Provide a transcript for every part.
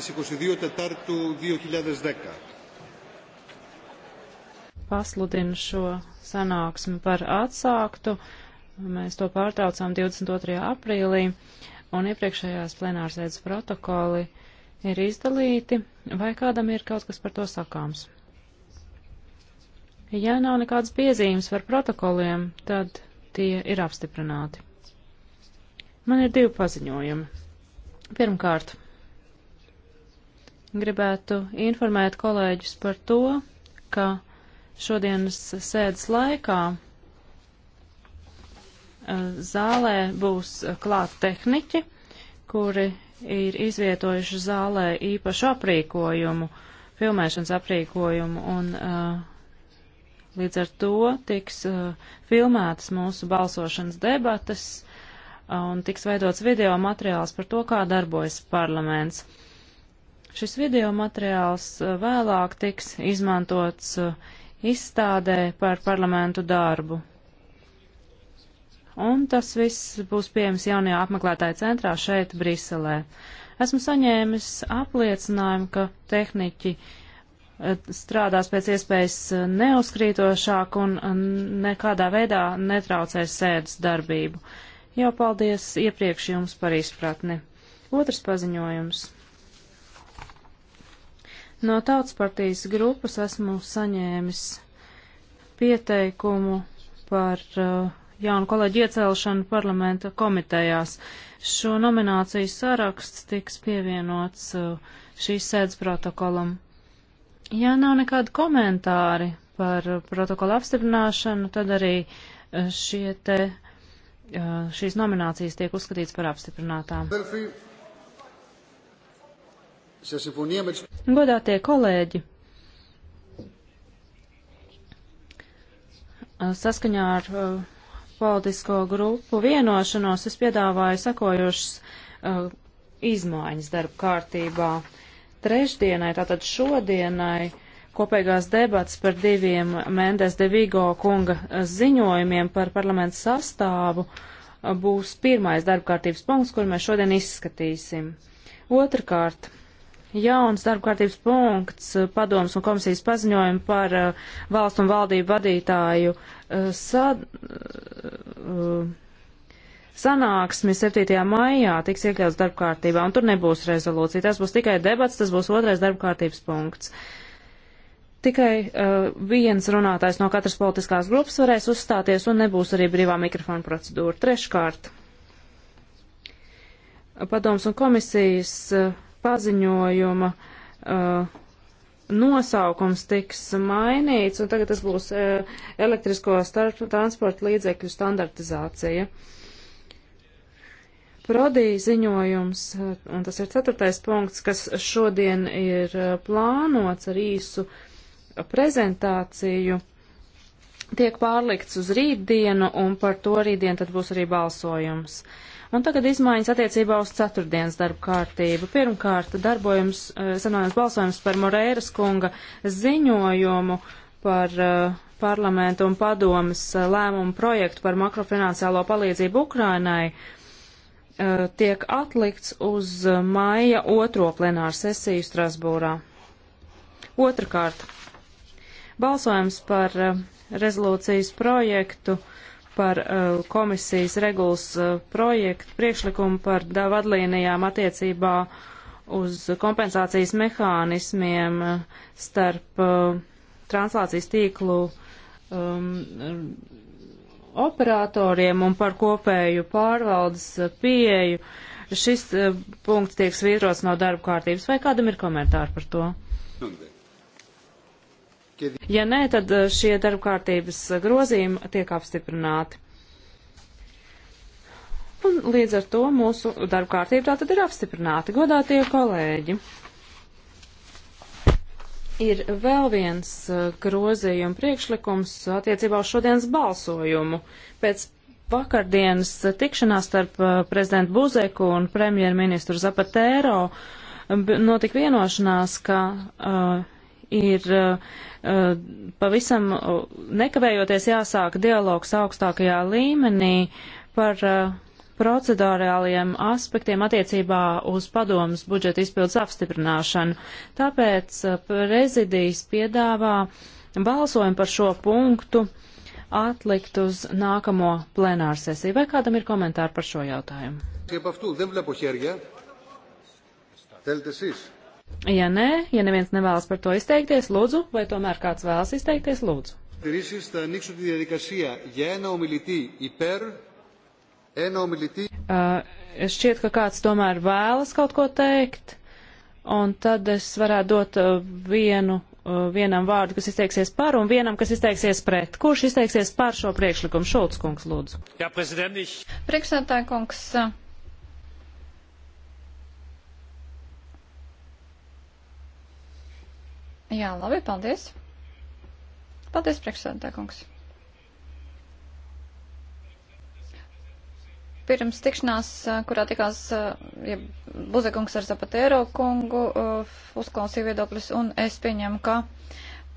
στις 22 Τετάρτου 2010. Pasludinu šo sanāksmi par atsāktu. Mēs to pārtraucām 22. aprīlī, un iepriekšējās plenārsēdes protokoli ir izdalīti, vai kādam ir kaut kas par to sakāms. Ja nav nekādas piezīmes par protokoliem, tad tie ir apstiprināti. Man ir divi paziņojumi. Pirmkārt, gribētu informēt kolēģus par to, ka šodienas sēdes laikā eh, zālē būs eh, klāt tehniķi, kuri ir izvietojuši zālē īpašu aprīkojumu, filmēšanas aprīkojumu, un eh, līdz ar to tiks filmētas mūsu balsošanas debatas un tiks veidots video materiāls par to, kā darbojas parlaments. Šis video materiāls eh, vēlāk tiks izmantots eh, izstādē par parlamentu darbu. Un tas viss būs pieejams jaunajā apmeklētāja centrā šeit, Briselē. Esmu saņēmis apliecinājumu, ka tehniķi eh, strādās pēc iespējas neuzkrītošāk un nekādā veidā netraucēs sēdes darbību. Jau paldies iepriekš jums par izpratni. Otrs paziņojums. No tautas partijas grupas esmu saņēmis pieteikumu par uh, jaunu kolēģi iecelšanu parlamenta komitejās. Šo nomināciju saraksts tiks pievienots uh, šīs sēdes protokolam. Ja nav nekādi komentāri par protokola apstiprināšanu, tad arī uh, šie te, uh, šīs nominācijas tiek uzskatīts par apstiprinātām. Delfī. Godātie kolēģi, saskaņā ar uh, politisko grupu vienošanos es piedāvāju sekojošas uh, izmaiņas darba kārtībā. Trešdienai, tātad šodienai, kopīgās debats par diviem Mendes de Vigo kunga uh, ziņojumiem par parlamentu sastāvu uh, būs pirmais darba kārtības punkts, kur mēs šodien izskatīsim. Otrakārt, jauns darbkārtības punkts eh, padoms un komisijas paziņojumu par uh, valstu un valdību vadītāju uh, sad, uh, sanāksmi 7. maijā tiks iekļauts darbkārtībā, un tur nebūs rezolūcija. Tas būs tikai debats, tas būs otrais darbkārtības punkts. Tikai uh, viens runātājs no katras politiskās grupas varēs uzstāties, un nebūs arī brīvā mikrofona procedūra. Treškārt, padoms un komisijas uh, paziņojuma uh, nosaukums tiks mainīts, un tagad tas būs uh, elektrisko transporta līdzekļu standartizācija. Prodī ziņojums, uh, un tas ir ceturtais punkts, kas šodien ir uh, plānots ar īsu prezentāciju, tiek pārlikts uz rītdienu, un par to rītdien tad būs arī balsojums. Uh, Un tagad izmaiņas attiecībā uz ceturtdienas darbu kārtību. Pirmkārt, darbojums, eh, sanojums balsojums par Morēras kunga ziņojumu par eh, parlamentu un padomas eh, lēmumu projektu par makrofinanciālo palīdzību Ukrainai tiek atlikts uz maija otro plenāru sesiju Strasbūrā. Otrakārt, balsojums par rezolūcijas projektu uh, par uh, komisijas regulas uh, projektu priekšlikumu par vadlīnijām attiecībā uz kompensācijas mehānismiem uh, starp uh, translācijas tīklu um, operatoriem un par kopēju pārvaldes uh, pieeju. Šis uh, punkts tiek svītrots no darba kārtības. Vai kādam ir komentāri par to? Sundē. Nu, Ja nē, tad eh, šie darbkārtības eh, grozījumi tiek apstiprināti. Un līdz ar to mūsu darbkārtība tā tad ir apstiprināta. Godātie kolēģi! Ir vēl viens eh, grozījuma priekšlikums attiecībā uz šodienas balsojumu. Pēc vakardienas tikšanās starp prezidentu Buzeku un premjerministru Zapatēro notika vienošanās, ka uh, ir eh, eh, pavisam eh, nekavējoties jāsāk dialogs augstākajā līmenī par procedurāliem aspektiem attiecībā uz padomas budžeta izpildes apstiprināšanu. Tāpēc prezidijas piedāvā balsojumu par šo punktu atlikt uz nākamo plenāru sesiju. Vai kādam ir komentāri par šo jautājumu? Θέλετε εσείς. Ja nē, ja neviens nevēlas par to izteikties, lūdzu, vai tomēr kāds vēlas izteikties, lūdzu. Uh, šķiet, ka kāds tomēr vēlas kaut ko teikt, un tad es varētu dot uh, vienu, uh, vienam vārdu, kas izteiksies par, un vienam, kas izteiksies pret. Kurš izteiksies par šo priekšlikumu? Šulc kungs, lūdzu. Jā, prezidenti. Priekšsētāj kungs. Uh... Jā, labi, paldies. Paldies, priekšsēdētāj, kungs. Pirms tikšanās, kurā tikās ja Buzekungs ar Zapatero kungu, uzklausīja viedokļus, un es pieņemu, ka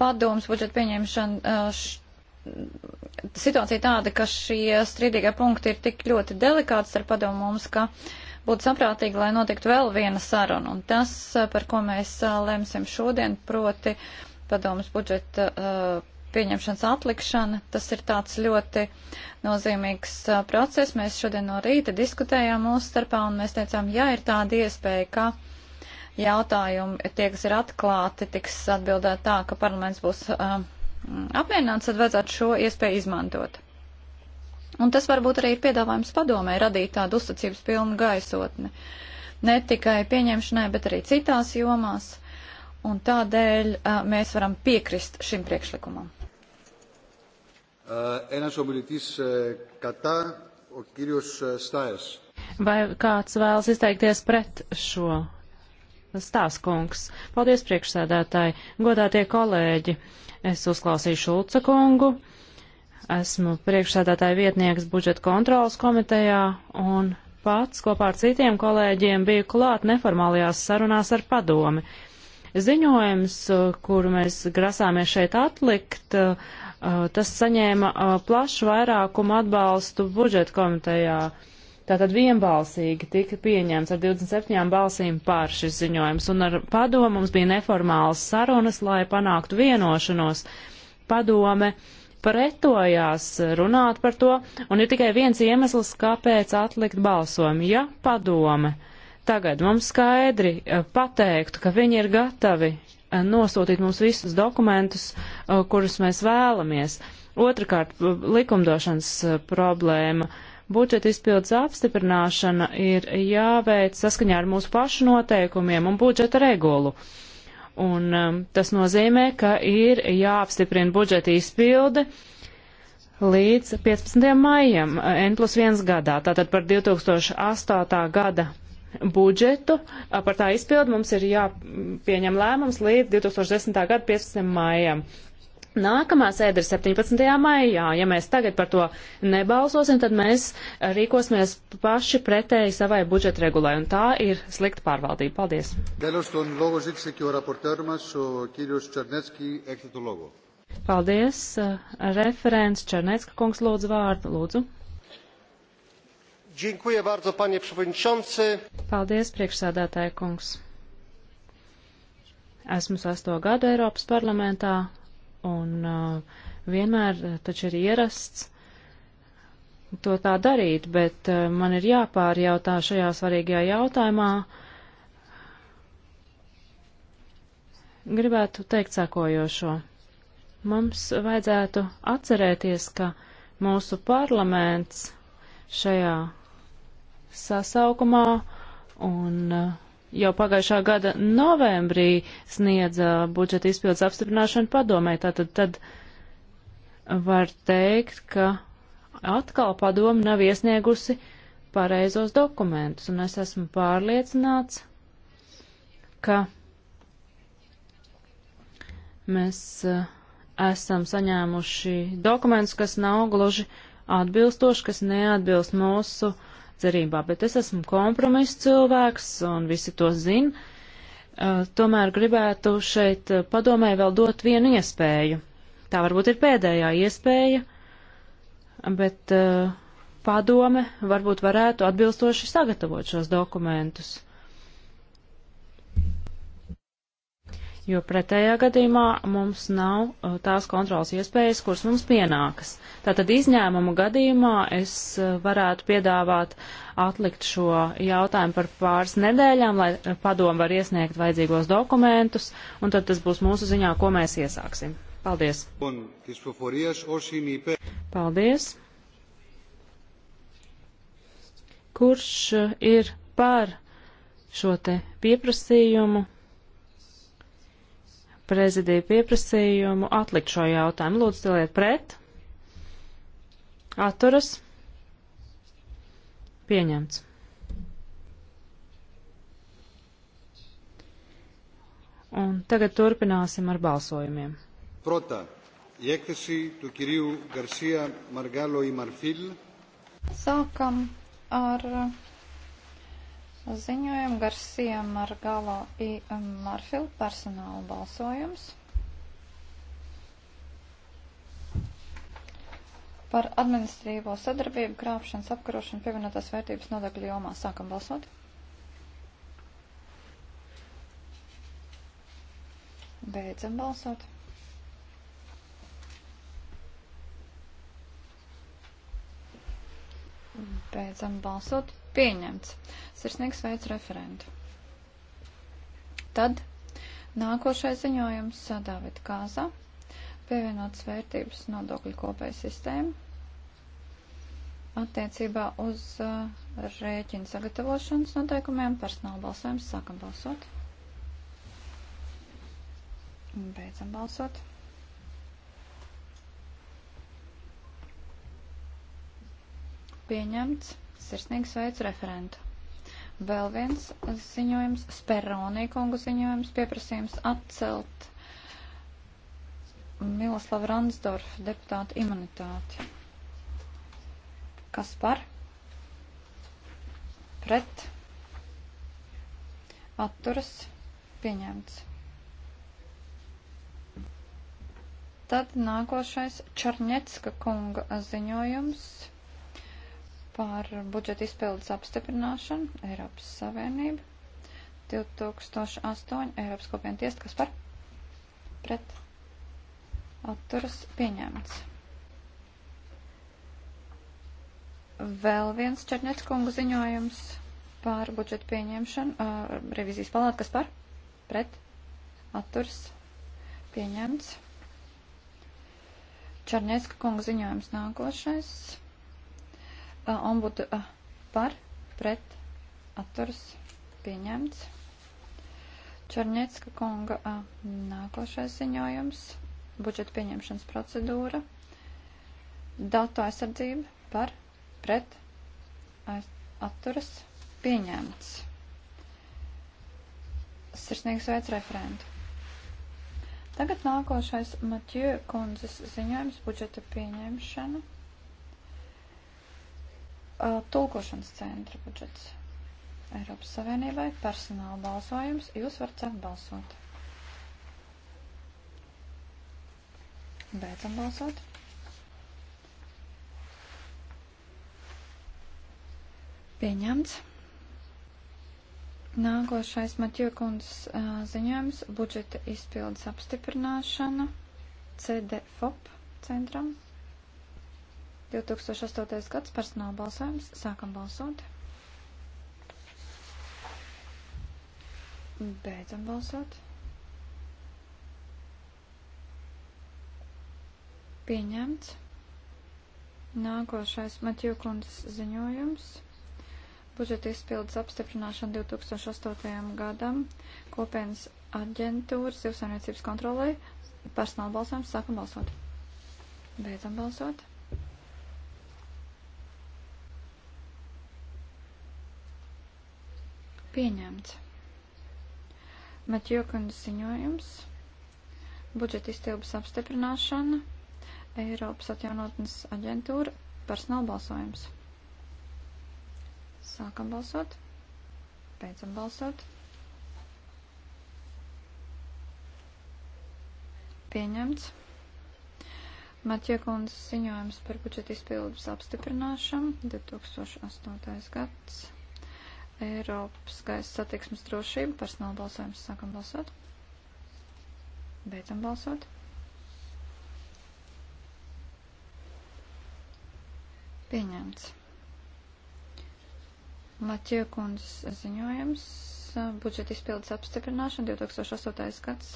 padoms budžeta pieņemšana situācija tāda, ka šie strīdīgie punkti ir tik ļoti delikāti ar padomu mums, ka būtu saprātīgi, lai notiktu vēl viena saruna. Un tas, eh, par ko mēs eh, lemsim šodien, proti padomas budžeta eh, pieņemšanas atlikšana, tas ir tāds ļoti nozīmīgs process. Mēs šodien no rīta diskutējām mūsu starpā un mēs teicām, ja ir tāda iespēja, ka jautājumi, tie, kas ir atklāti, tiks atbildēt tā, ka parlaments būs uh, apmierināts, tad vajadzētu šo iespēju izmantot. Un tas varbūt arī ir piedāvājums padomē radīt tādu uzticības pilnu gaisotni. Ne tikai pieņemšanai, bet arī citās jomās. Un tādēļ uh, mēs varam piekrist šim priekšlikumam. Vai kāds vēlas izteikties pret šo stāstkungs? Paldies priekšsēdētāji, godātie kolēģi. Es uzklausīju Šulca kungu. Uh, Esmu priekšsēdētāja vietnieks budžeta kontrolas komitejā un pats kopā ar citiem kolēģiem biju klāt neformālajās sarunās ar padomi. Ziņojums, kuru mēs grasāmies šeit atlikt, uh, tas saņēma uh, plašu vairākumu atbalstu budžeta komitejā. Tātad vienbalsīgi tika pieņemts ar 27 balsīm pār šis ziņojums, un ar padomu mums bija neformālas sarunas, lai panāktu vienošanos. Padome uh, pretojās runāt par to, un ir tikai viens iemesls, kāpēc atlikt balsojumu. Ja padome tagad mums skaidri eh, pateiktu, ka viņi ir gatavi eh, nosūtīt mums visus dokumentus, eh, kurus mēs vēlamies. Otrakārt, likumdošanas problēma. Budžeta izpildes apstiprināšana ir jāveic saskaņā ar mūsu pašu noteikumiem un budžeta regulu. Uh, Un um, tas nozīmē, ka ir jāapstiprina budžeta izpilde līdz 15. maijam uh, N plus 1 gadā, tātad par 2008. gada budžetu. Uh, par tā izpildu mums ir jāpieņem lēmums līdz 2010. gada 15. maijam. Nākamā sēde ir 17. maijā. Ja mēs tagad par to nebalsosim, tad mēs rīkosimies paši pretēji savai budžeta regulai, un tā ir slikta pārvaldība. Paldies! Paldies! Uh, referents Černecka kungs lūdzu vārdu. Lūdzu. Bardzo, panie Paldies, priekšsādātāja kungs. Esmu sasto gadu Eiropas parlamentā Un uh, vienmēr uh, taču ir ierasts to tā darīt, bet uh, man ir jāpārjautā šajā svarīgajā jautājumā. Gribētu teikt sakojošo. Mums vajadzētu atcerēties, ka mūsu parlaments šajā sasaukumā un uh, jau pagājušā gada novembrī sniedza budžeta izpildes apstiprināšanu padomē. Tātad tad var teikt, ka atkal padoma nav iesniegusi pareizos dokumentus, un es esmu pārliecināts, ka mēs eh, esam saņēmuši dokumentus, kas nav gluži atbilstoši, kas neatbilst mūsu uh, cerībā, bet es esmu kompromiss cilvēks un visi to zina. Eh, tomēr gribētu šeit eh, padomē vēl dot vienu iespēju. Tā varbūt ir pēdējā iespēja, bet eh, padome varbūt varētu atbilstoši sagatavot šos dokumentus. jo pretējā gadījumā mums nav uh, tās kontrolas iespējas, kuras mums pienākas. Tātad izņēmumu gadījumā es uh, varētu piedāvāt atlikt šo jautājumu par pāris nedēļām, lai uh, padomu var iesniegt vajadzīgos dokumentus, un tad tas būs mūsu ziņā, ko mēs iesāksim. Paldies! Paldies! Kurš ir par šo te pieprasījumu? prezidiju pieprasījumu atlikt šo jautājumu. Lūdzu, stiliet pret. Atturas. Pieņemts. Un tagad turpināsim ar balsojumiem. Protā, iekasī tu Kiriju Garcia Margalo Imarfil. Sākam ar ziņojumu Garcia Margalo i Marfil personāla balsojums par administrīvo sadarbību, krāpšanas, apkarošanu, pievienotās vērtības nodokļu jomā. Sākam balsot. Beidzam balsot. Beidzam balsot pieņemts. Sirsnīgs veids referentu. Tad nākošais ziņojums Dāvida Kāza, pievienotas vērtības nodokļu kopēja sistēma attiecībā uz uh, rēķinu sagatavošanas noteikumiem personāla balsojums. Sākam balsot. Beidzam balsot. Pieņemts. Sirsnīgi sveicu referentu. Vēl viens ziņojums, Speronī kungu ziņojums, pieprasījums atcelt Miloslav Ransdorfa deputāta imunitāti. Kas par? Pret? Atturas? Pieņemts. Tad nākošais Čarņecka kunga ziņojums par budžeta izpildes apstiprināšanu Eiropas Savienība 2008 Eiropas kopienu tiesa, kas par pret atturas pieņemts. Vēl viens Černetskunga ziņojums par budžetu pieņemšanu. Uh, revizijas palāta, kas par? Pret? Atturs? Pieņemts. Černetska kunga ziņojums nākošais ombudu par, pret, atturas pieņemts. Čarņecka kunga nākošais ziņojums - budžeta pieņemšanas procedūra, datu aizsardzība par, pret, atturas pieņemts. Sirsnīgs veids referentu. Tagad nākošais Matjū kundzes ziņojums budžeta pieņemšana. Uh, tulkošanas centra budžets Eiropas Savienībai, personāla balsojums, jūs varat sākt balsot. Beidzam balsot. Pieņemts. Nākošais Matjokundas uh, ziņojums - budžeta izpildes apstiprināšana CDFOP centram. 2008. gads personāla balsojums. Sākam balsot. Beidzam balsot. Pieņemts. Nākošais Matjūkundas ziņojums. Budžeta izpildes apstiprināšana 2008. gadam. Kopienas aģentūras zivsaimniecības kontrolē. Personāla balsojums. Sākam balsot. Beidzam balsot. Pieņemts. Matjokundas ziņojums. Budžeta iztilpas apstiprināšana. Eiropas atjaunotnes aģentūra. Personāla balsojums. Sākam balsot. Beidzam balsot. Pieņemts. Matjokundas ziņojums par budžeta izpildus apstiprināšanu. 2008. gads. Eiropas gaisa satiksmes drošība, personāla balsojums, sākam balsot. Beidzam balsot. Pieņemts. Maķie kundzes ziņojums, budžeta izpildes apstiprināšana 2008. gads,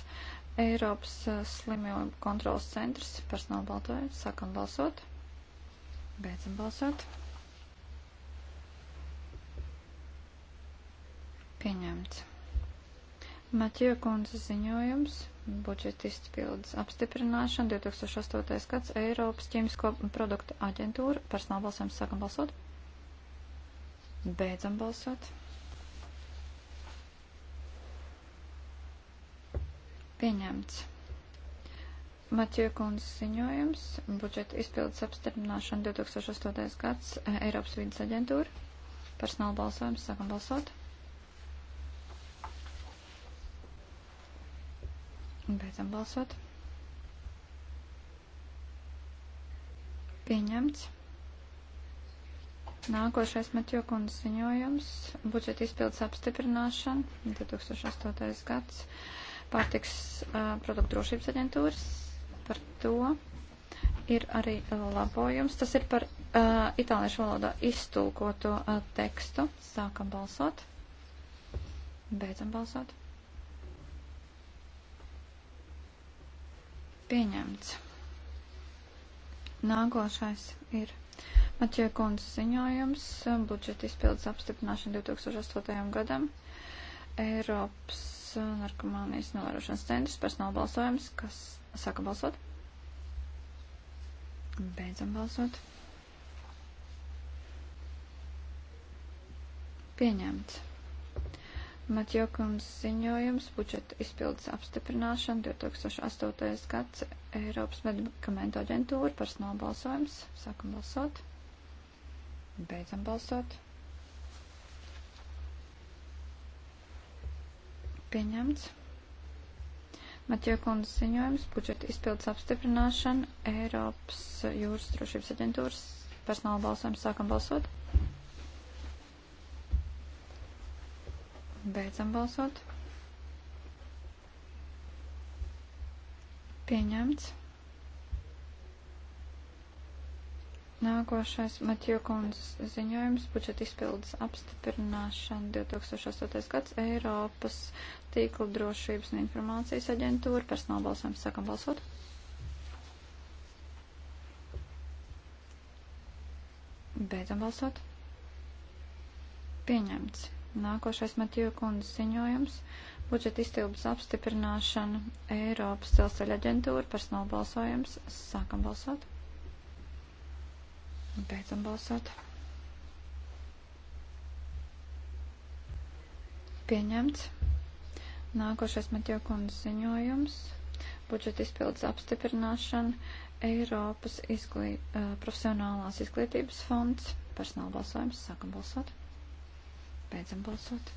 Eiropas slimību kontrolas centrs, personāla balsojums, sākam balsot. Beidzam balsot. Pieņemts. Maķija kundzes ziņojums - budžeta izpildes apstiprināšana 2008. gads Eiropas ķīmisko produktu aģentūra. Personāla balsojums sākam balsot. Beidzam balsot. Pieņemts. Maķija kundzes ziņojums - budžeta izpildes apstiprināšana 2008. gads Eiropas vidas aģentūra. Personāla balsojums sākam balsot. Beidzam balsot. Pieņemts. Nākošais Matjokundas ziņojums - budžeta izpildes apstiprināšana, 2008. gads, pārtiks uh, produktu drošības aģentūras. Par to ir arī labojums. Tas ir par uh, itāliešu valodā iztulkoto uh, tekstu. Sākam balsot. Beidzam balsot. Pieņemts. Nākošais ir Maķie kundzes ziņojums, budžeta izpildes apstiprināšana 2008. gadam, Eiropas narkomānijas novērošanas centrs, personāla balsojums, kas saka balsot. Beidzam balsot. Pieņemts. Matjokums ziņojums budžeta izpildes apstiprināšana 2008. gads Eiropas medikamentu aģentūra par nobalsojums. Sākam balsot. Beidzam balsot. Pieņemts. Matjokums ziņojums budžeta izpildes apstiprināšana Eiropas jūras drošības aģentūras personāla balsojums. Sākam balsot. Beidzam balsot. Pieņemts. Nākošais Matjokundzes ziņojums - budžeta izpildes apstiprināšana 2008. gads Eiropas tīkla drošības un informācijas aģentūra. Personāla balsojums sākam balsot. Beidzam balsot. Pieņemts. Nākošais Matiju kundzes ziņojums - budžeta iztildes apstiprināšana Eiropas celceļa aģentūra - personāla balsojums. Sākam balsot. Un beidzam balsot. Pieņemts. Nākošais Matiju kundzes ziņojums - budžeta izpildes apstiprināšana Eiropas izglī, uh, profesionālās izglītības fonds. Personāla balsojums. Sākam balsot. Beidzam balsot.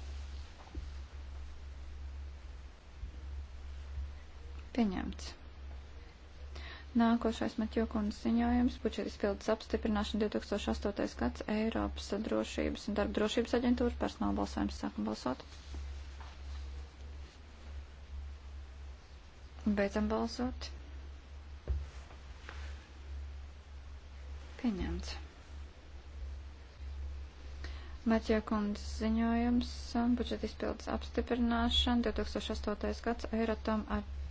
Pieņemts. Nākošais Matjokunas ziņojums - budžeta izpildes apstiprināšana 2008. gads Eiropas drošības un darba drošības aģentūra personāla balsojums. Sākam balsot. Beidzam balsot. Pieņemts. Matjo kundzes ziņojums, budžeta izpildes apstiprināšana, 2008. gads, Eiratom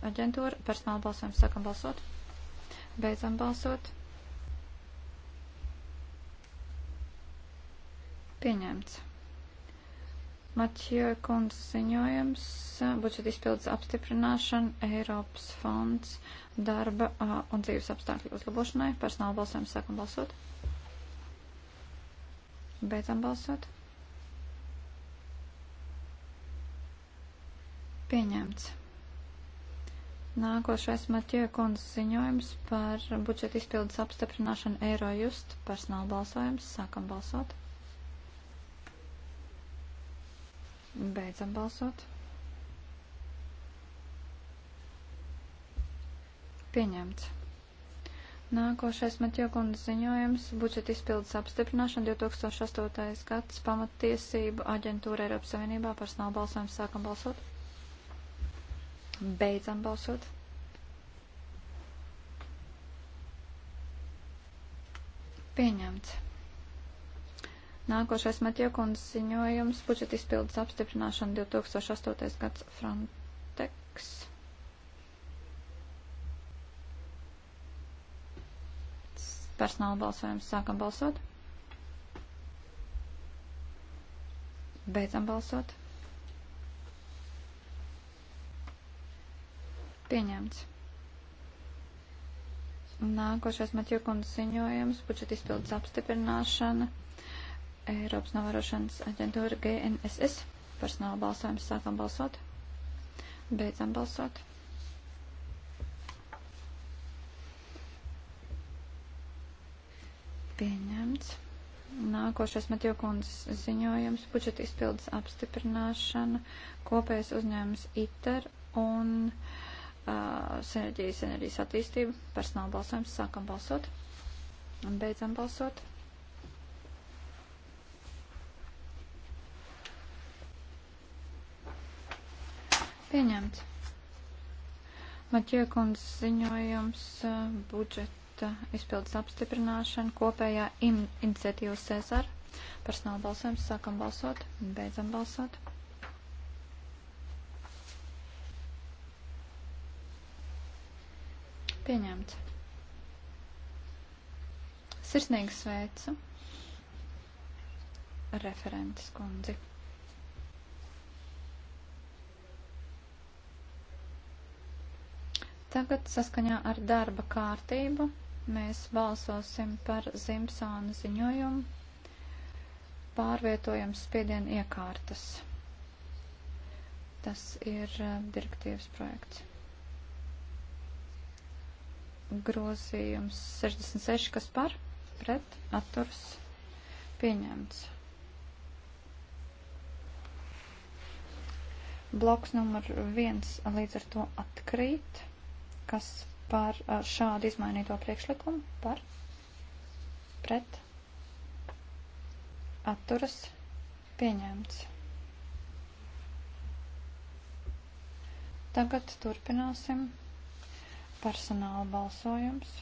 aģentūra, personāla balsojums, sākam balsot, beidzam balsot. Pieņemts. Matjo kundzes ziņojums, budžeta izpildes apstiprināšana, Eiropas fonds darba un dzīves apstākļu uzlabošanai, personāla balsojums, sākam balsot. Beidzam balsot. Pieņemts. Nākošais Matjē kundzes ziņojums par budžeta izpildes apstiprināšanu eiro just personāla balsojums. Sākam balsot. Beidzam balsot. Pieņemts. Nākošais Matjokundas ziņojums - budžeta izpildes apstiprināšana 2008. gads pamattiesību aģentūra Eiropas Savienībā personāla balsojums sākam balsot. Beidzam balsot. Pieņemts. Nākošais Matjokundas ziņojums - budžeta izpildes apstiprināšana 2008. gads Frontex. personāla balsojums. Sākam balsot. Beidzam balsot. Pieņemts. Nākošais Matjukundas ziņojums, budžeta izpildes apstiprināšana, Eiropas novērošanas aģentūra GNSS. Personāla balsojums. Sākam balsot. Beidzam balsot. Pieņemts. Nākošais Matjokundas ziņojums - budžeta izpildes apstiprināšana, kopējais uzņēmums ITER un uh, sinerģijas enerģijas attīstība. Personāla balsojums sākam balsot un beidzam balsot. Pieņemts. Matjokundas ziņojums uh, budžeta budžeta izpildes apstiprināšana kopējā in iniciatīva Cezar. Personāla balsojums sākam balsot, beidzam balsot. Pieņemts. Sirsnīgi sveicu referentes kundzi. Tagad saskaņā ar darba kārtību mēs balsosim par Simpsona ziņojumu pārvietojams spiedienu iekārtas. Tas ir eh, direktīvas projekts. Grozījums 66, kas par, pret, atturs, pieņemts. Bloks numur 1 līdz ar to atkrīt, kas par uh, šādu izmainīto priekšlikumu, par pret atturas pieņemts. Tagad turpināsim personāla balsojums.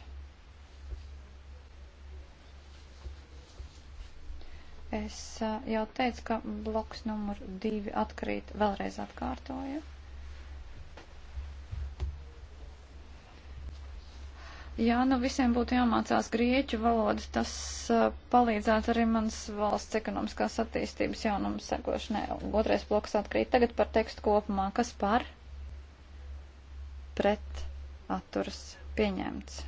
Es uh, jau teicu, ka bloks numur divi atkrīt, vēlreiz atkārtoju. Jā, nu visiem būtu jāmācās grieķu valoda, tas uh, palīdzētu arī manas valsts ekonomiskās attīstības jaunumu sekošanai. Otrais bloks atkrīt. Tagad par tekstu kopumā. Kas par? Pret atturs pieņemts.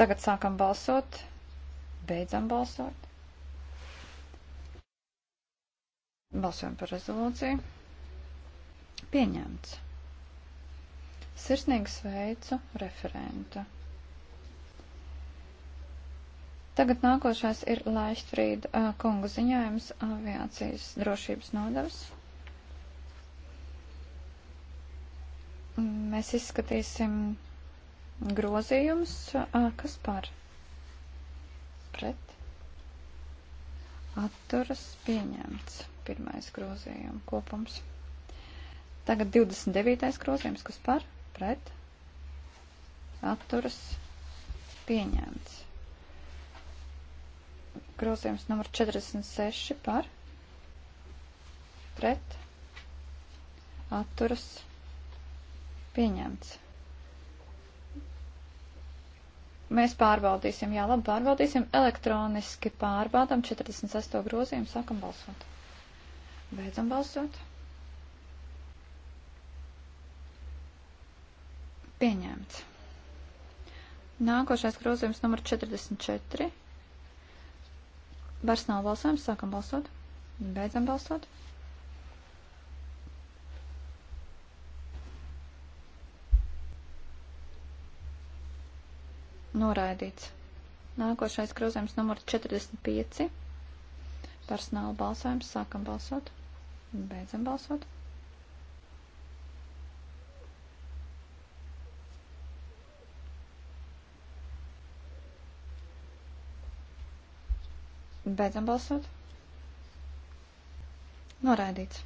Tagad sākam balsot. Beidzam balsot. Balsojam par rezolūciju. Pieņemts. Sirsnīgi sveicu referentu. Tagad nākošais ir Laištrīda kunga ziņojums aviācijas drošības nodevs. Mēs izskatīsim grozījumus, kas par pret atturas pieņemts pirmais grozījuma kopums. Tagad 29. grozījums, kas par pret atturas pieņemts. Grozījums numur 46 par pret atturas pieņemts. Mēs pārbaudīsim, jā, labi, pārbaudīsim, elektroniski pārbaudam 48. grozījumu, sākam balsot. Beidzam balsot. Pieņemts. Nākošais grozījums numur 44. Vairs nav balsojums, sākam balsot, beidzam balsot. Noraidīts. Nākošais grozījums numur 45. Personāla balsojums, sākam balsot, beidzam balsot. Beidzam balsot. Noraidīts.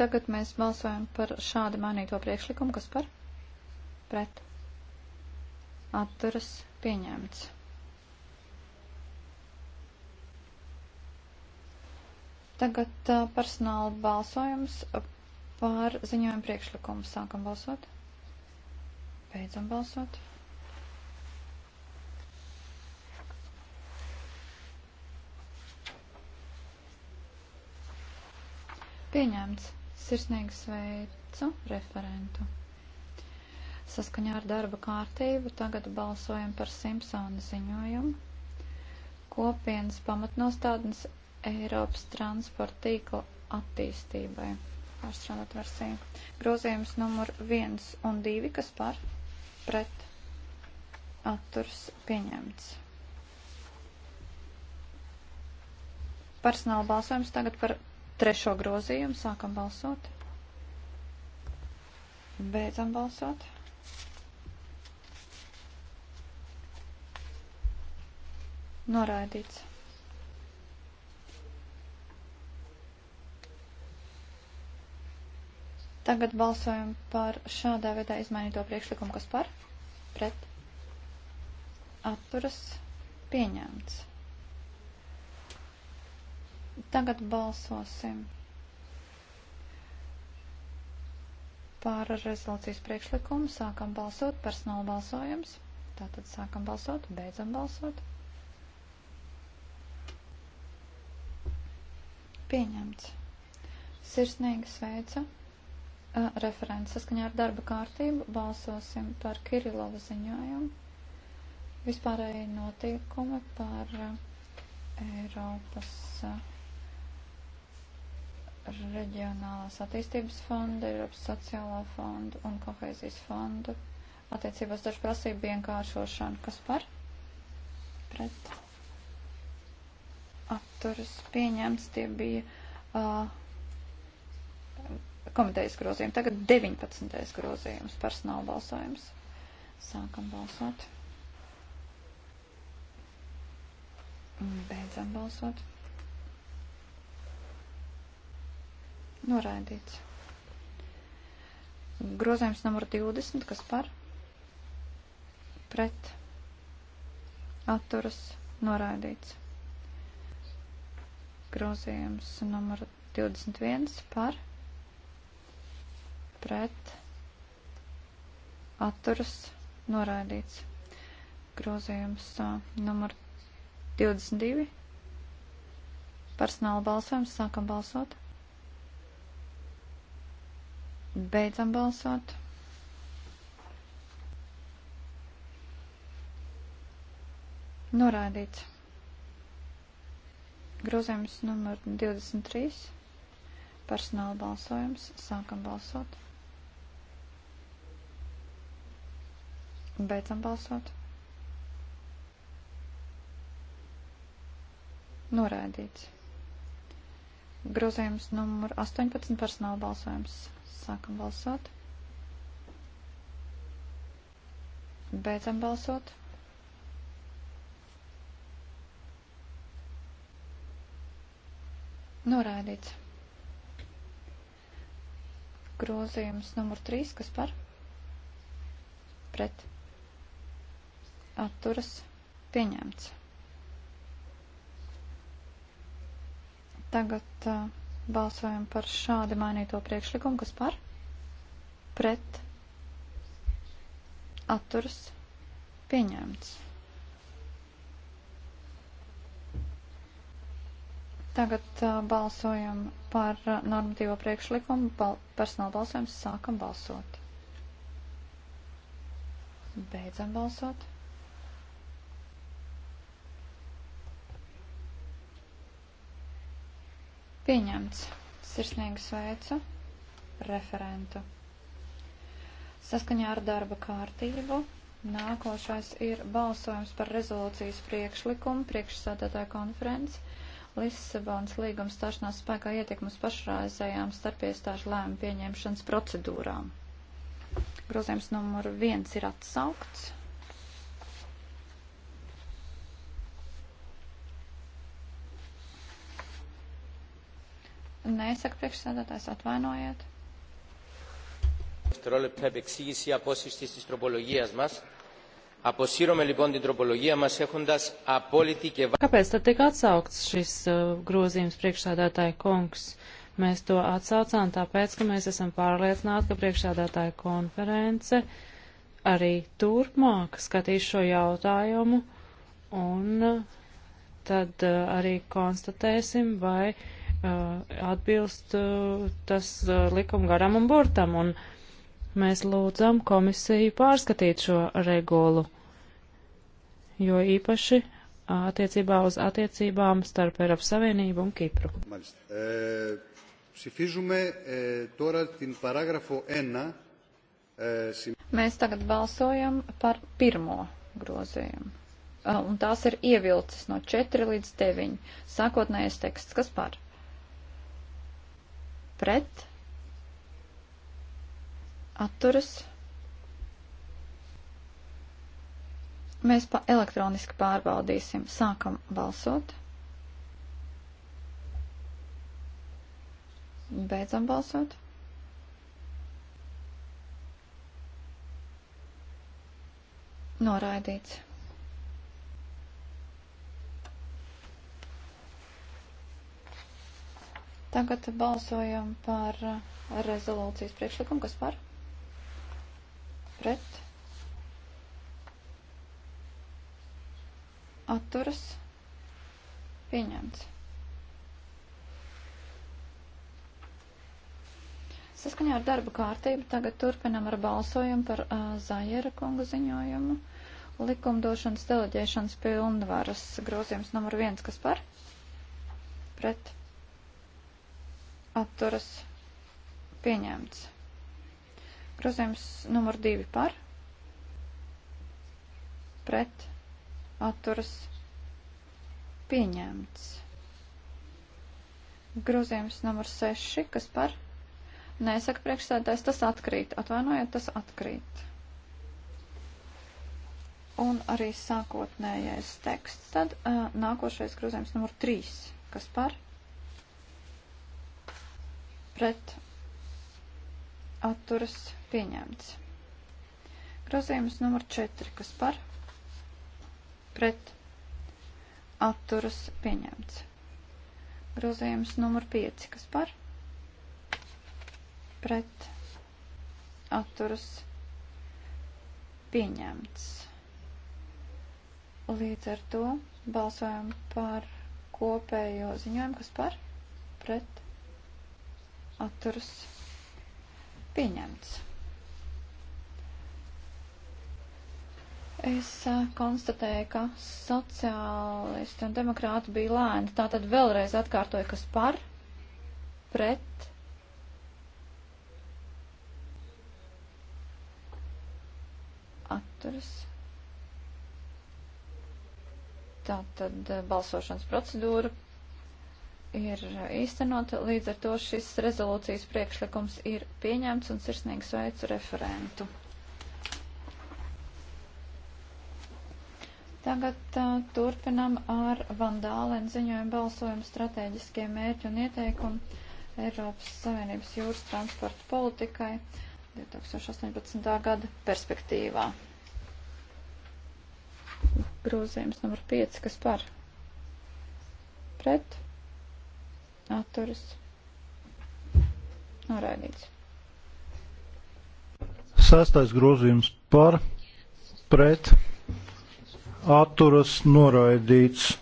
Tagad mēs balsojam par šādi mainīto priekšlikumu, kas par pret atturas pieņemts. Tagad uh, personāla balsojums par ziņojumu priekšlikumu. Sākam balsot. Beidzam balsot. Pieņemts. Sirsnīgi sveicu referentu. Saskaņā ar darba kārtību tagad balsojam par Simpsona ziņojumu. Kopienas pamatnostādnes Eiropas transporta tīkla attīstībai. Pārstrādāt versiju. Grozījums numur 1 un 2, kas par? pret atturs pieņemts. Personāla balsojums tagad par trešo grozījumu. Sākam balsot. Beidzam balsot. Noraidīts. Tagad balsojam par šādā veidā izmainīto priekšlikumu, kas par pret atturas pieņemts. Tagad balsosim par rezolūcijas priekšlikumu. Sākam balsot, personāla balsojums. Tātad sākam balsot, beidzam balsot. Pieņemts. Sirsnīgi sveicu referents saskaņā ar darba kārtību balsosim par Kirilova ziņojumu. Vispārēji notiekumi par Eiropas reģionālās attīstības fonda, Eiropas sociālā fonda un kohēzijas fonda attiecībās dažu prasību vienkāršošanu. Kas par? Pret. Atturas pieņemts tie bija. Uh, komitejas grozījumu. Tagad 19. grozījums personāla balsojums. Sākam balsot. Beidzam balsot. Noraidīts. Grozījums numur 20, kas par? Pret. Atturas. Noraidīts. Grozījums numur 21 par? pret atturas noraidīts. Grozījums numur 22. Personāla balsojums. Sākam balsot. Beidzam balsot. Noraidīts. Grozījums numur 23. Personāla balsojums. Sākam balsot. Beidzam balsot. Noraidīts. Grozījums numur 18 personāla balsojums. Sākam balsot. Beidzam balsot. Noraidīts. Grozījums numur 3, kas par? Pret atturas pieņemts. Tagad uh, balsojam par šādi mainīto priekšlikumu, kas par pret atturas pieņemts. Tagad uh, balsojam par uh, normatīvo priekšlikumu, bal personāla balsojums, sākam balsot. Beidzam balsot. Pieņemts. Sirsnīgi sveicu referentu. Saskaņā ar darba kārtību nākošais ir balsojums par rezolūcijas priekšlikumu priekšsādātāja konferenci. Lisabonas līguma stāšanās spēkā ietekmas pašreizējām starpiestāžu lēmu pieņemšanas procedūrām. Grozījums numur viens ir atsaukts. Nē, saka priekšsēdētājs, atvainojiet. Δευτερόλεπτα επεξήγηση απόσυρσης της τροπολογίας μας. Αποσύρωμε λοιπόν την τροπολογία μας έχοντας απόλυτη και... Kāpēc tad tika atsaukts šis uh, grozījums priekšsādātāja kungs? Mēs to atsaucām tāpēc, ka mēs esam pārliecināti, ka priekšsādātāja konference arī turpmāk skatīs šo jautājumu un uh, tad uh, arī konstatēsim, vai uh, Uh, atbilst uh, tas uh, likuma garam un burtam, un mēs lūdzam komisiju pārskatīt šo regulu, jo īpaši attiecībā uz attiecībām starp Eiropas Savienību un Kipru. E, e, e, mēs tagad balsojam par pirmo grozījumu. Un tās ir ievilces no 4 līdz 9. Sākotnējais teksts, kas par? pret, atturas. Mēs pa elektroniski pārbaudīsim. Sākam balsot. Beidzam balsot. Noraidīts. Tagad balsojam par uh, rezolūcijas priekšlikumu, kas par pret atturas pieņemts. Saskaņā ar darba kārtību tagad turpinam ar balsojumu par uh, Zajera kunga ziņojumu. Likumdošanas deleģēšanas pilnvaras grozījums numur viens, kas par? Pret atturas pieņemts. Grozījums numur 2 par, pret, atturas pieņemts. Grozījums numur 6, kas par, nesaka priekšsēdājs, tas atkrīt, atvainojiet, tas atkrīt. Un arī sākotnējais teksts, tad uh, nākošais grozījums numur 3, kas par, pret pret atturas pieņemts. Grozījums numur 4, kas par pret atturas pieņemts. Grozījums numur 5, kas par pret atturas pieņemts. Līdz ar to balsojam par kopējo ziņojumu, kas par pret atturas pieņemts. Es konstatēju, ka sociālisti un demokrāti bija lēni. Tātad vēlreiz atkārtoju, kas par, pret, atturas. Tātad balsošanas procedūra ir īstenota, līdz ar to šis rezolūcijas priekšlikums ir pieņemts un sirsnīgi sveicu referentu. Tagad uh, turpinam ar Vandālēnu ziņojumu balsojumu strateģiskie mērķi un ieteikumi Eiropas Savienības jūras transporta politikai 2018. gada perspektīvā. Grūzījums numur 5, kas par? Pret? atturas noraidīts. Sestais grozījums par pret atturas noraidīts.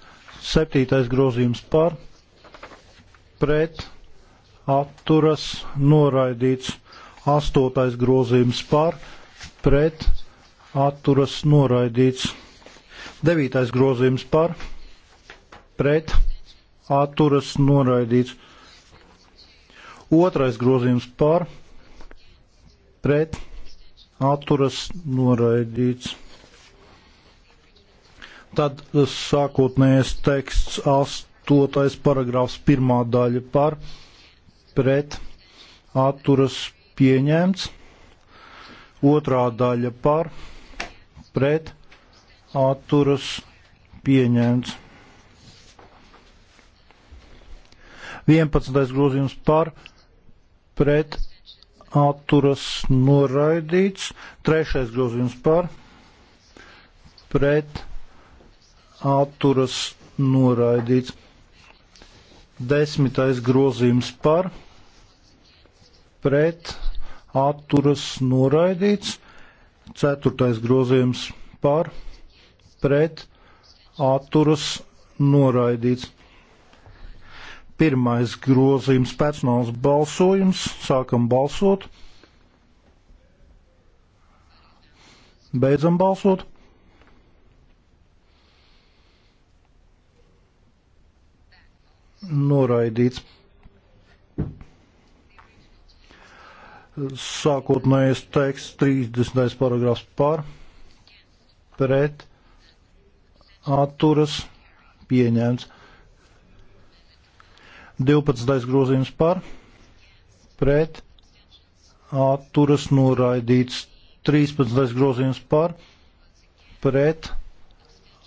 Septītais grozījums par pret atturas noraidīts. Astotais grozījums par pret atturas noraidīts. Devītais grozījums par pret atturas noraidīts. Otrais grozījums par pret atturas noraidīts. Tad eh, sākotnējais teksts 8. paragrāfs 1. daļa par pret atturas pieņemts. Otrā daļa par pret atturas pieņemts. 11. grozījums par pret atturas noraidīts, 3. grozījums par pret atturas noraidīts, 10. grozījums par pret atturas noraidīts, 4. grozījums par pret atturas noraidīts. Pirmais grozījums personāls balsojums. Sākam balsot. Beidzam balsot. Noraidīts. Sākotnējais teksts 30. paragrāfs par, pret, atturas, pieņemts. 12. grozījums par, pret, atturas noraidīts. 13. grozījums par, pret,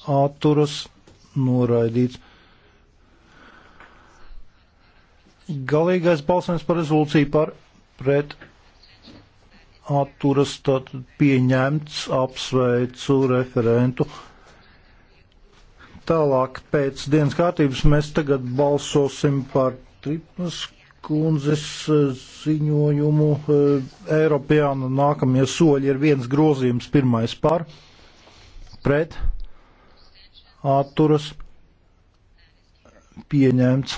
atturas noraidīts. Galīgais balsojums par rezolūciju par pret atturas tad pieņemts, apsveicu referentu. Tālāk pēc dienas kārtības mēs tagad balsosim par Tripnas kundzes eh, ziņojumu eh, Eiropijānu. Nākamie soļi ir viens grozījums, pirmais par, pret, atturas, pieņemts.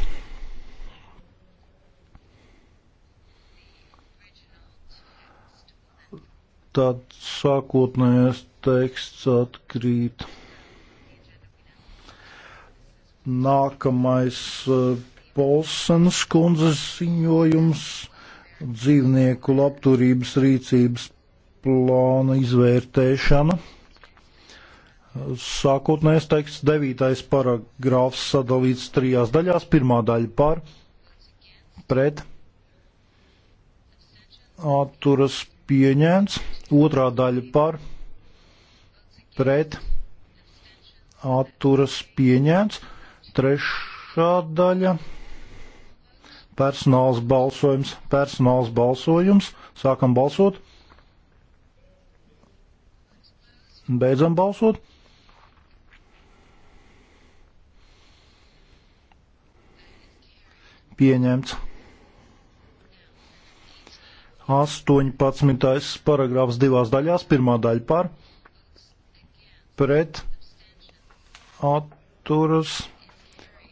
Tad sākotnējais teksts atkrīt. Nākamais eh, Polsons kundzes ziņojums - dzīvnieku labturības rīcības plāna izvērtēšana. Sākotnējais teksts, devītais paragrāfs sadalīts trijās daļās. Pirmā daļa par, pret, atturas pieņēmts. Otrā daļa par, pret, atturas pieņēmts. Trešā daļa - personāls balsojums. Personāls balsojums. Sākam balsot. Beidzam balsot. Pieņemts. 18. paragrāfs divās daļās, pirmā daļa par, pret, atturas,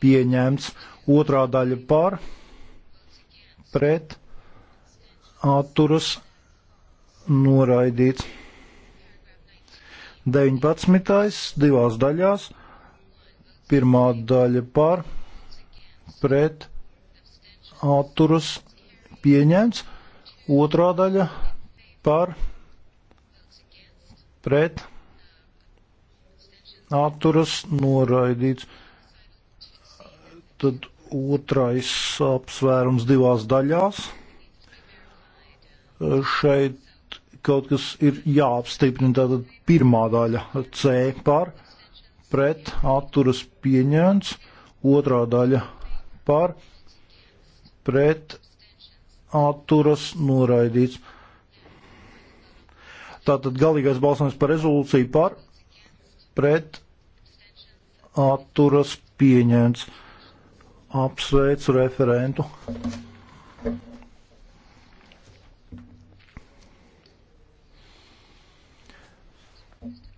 pieņemts. Otrā daļa par, pret, atturas, noraidīts. 19. divās daļās. Pirmā daļa par, pret, atturas, pieņemts. Otrā daļa par, pret, atturas, noraidīts. Tad otrais apsvērums divās daļās. Šeit kaut kas ir jāapstiprina. Tātad pirmā daļa C par pret atturas pieņēmts, otrā daļa par pret atturas noraidīts. Tātad galīgais balsojums par rezolūciju par pret atturas pieņēmts apsveicu referentu.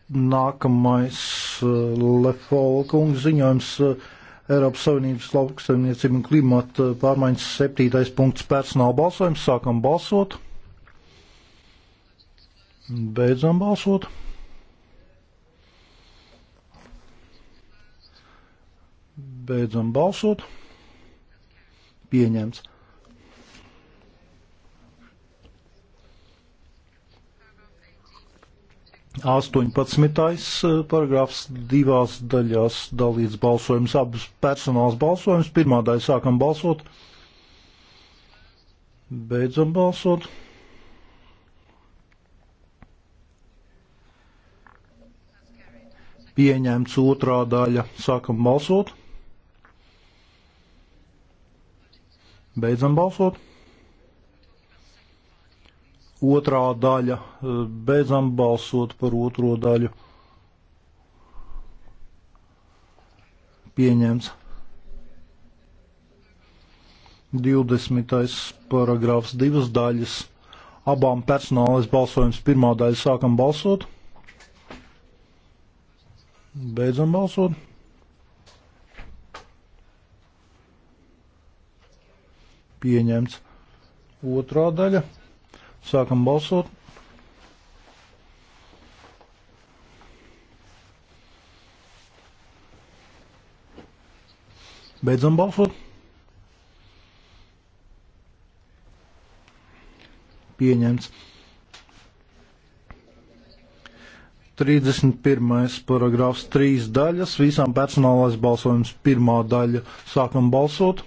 Nākamais eh, Lefolkungs ziņojums eh, Eiropas Savienības lauksaimniecība un klimata pārmaiņas septītais punkts personāla balsojums. Sākam balsot. Beidzam balsot. Beidzam balsot pieņemts. Astoņpadsmitais eh, paragrāfs divās daļās dalīts balsojums, abas personāls balsojums. Pirmā daļa sākam balsot, beidzam balsot. Pieņemts otrā daļa, sākam balsot. Beidzam balsot. Otrā daļa. Eh, beidzam balsot par otro daļu. Pieņemts. 20. paragrāfs divas daļas. Abām personālais balsojums pirmā daļa sākam balsot. Beidzam balsot. pieņemts. Otrā daļa. Sākam balsot. Beidzam balsot. Pieņemts. 31. paragrāfs, 3 daļas, visām personālais balsojums, pirmā daļa, sākam balsot.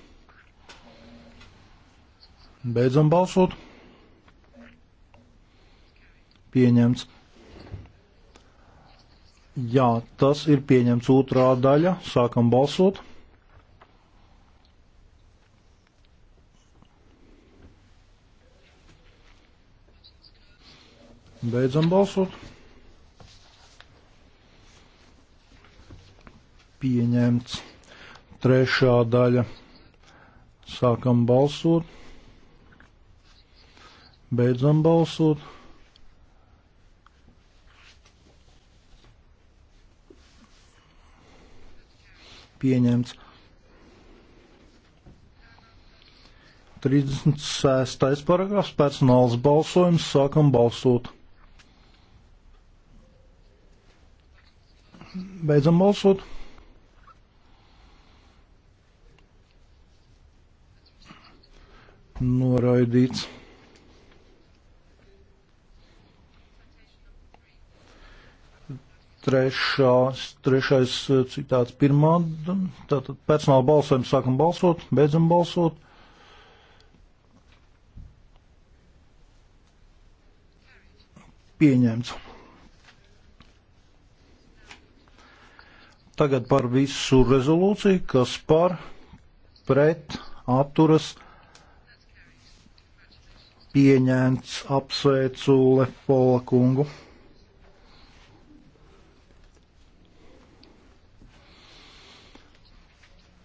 Beidzam balsot. Pieņemts. Jā, tas ir pieņemts otrā daļa. Sākam balsot. Beidzam balsot. Pieņemts trešā daļa. Sākam balsot. Beidzam balsot. Pieņemts. 36. paragrafs personāls balsojums. Sākam balsot. Beidzam balsot. Noraidīts. Trešās, trešais eh, citāts pirmā, tātad personāla balsojums sākam balsot, beidzam balsot. Pieņemts. Tagad par visu rezolūciju, kas par pret atturas pieņemts apsveicu Lepola kungu.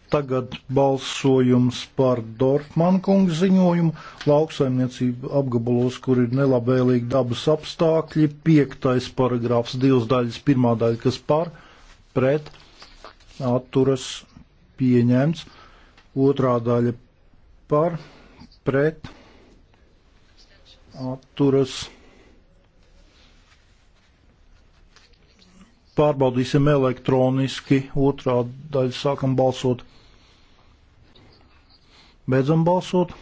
Tagad balsojums par Dorfmanu kungu ziņojumu. Lauksaimniecība apgabalos, kur ir nelabēlīgi dabas apstākļi. Piektais paragrāfs, divas daļas, pirmā daļa, kas par, pret, atturas, pieņemts. Otrā daļa par, pret, atturas. Pārbaudīsim elektroniski. Otrā daļa sākam balsot. Beidzam balsot.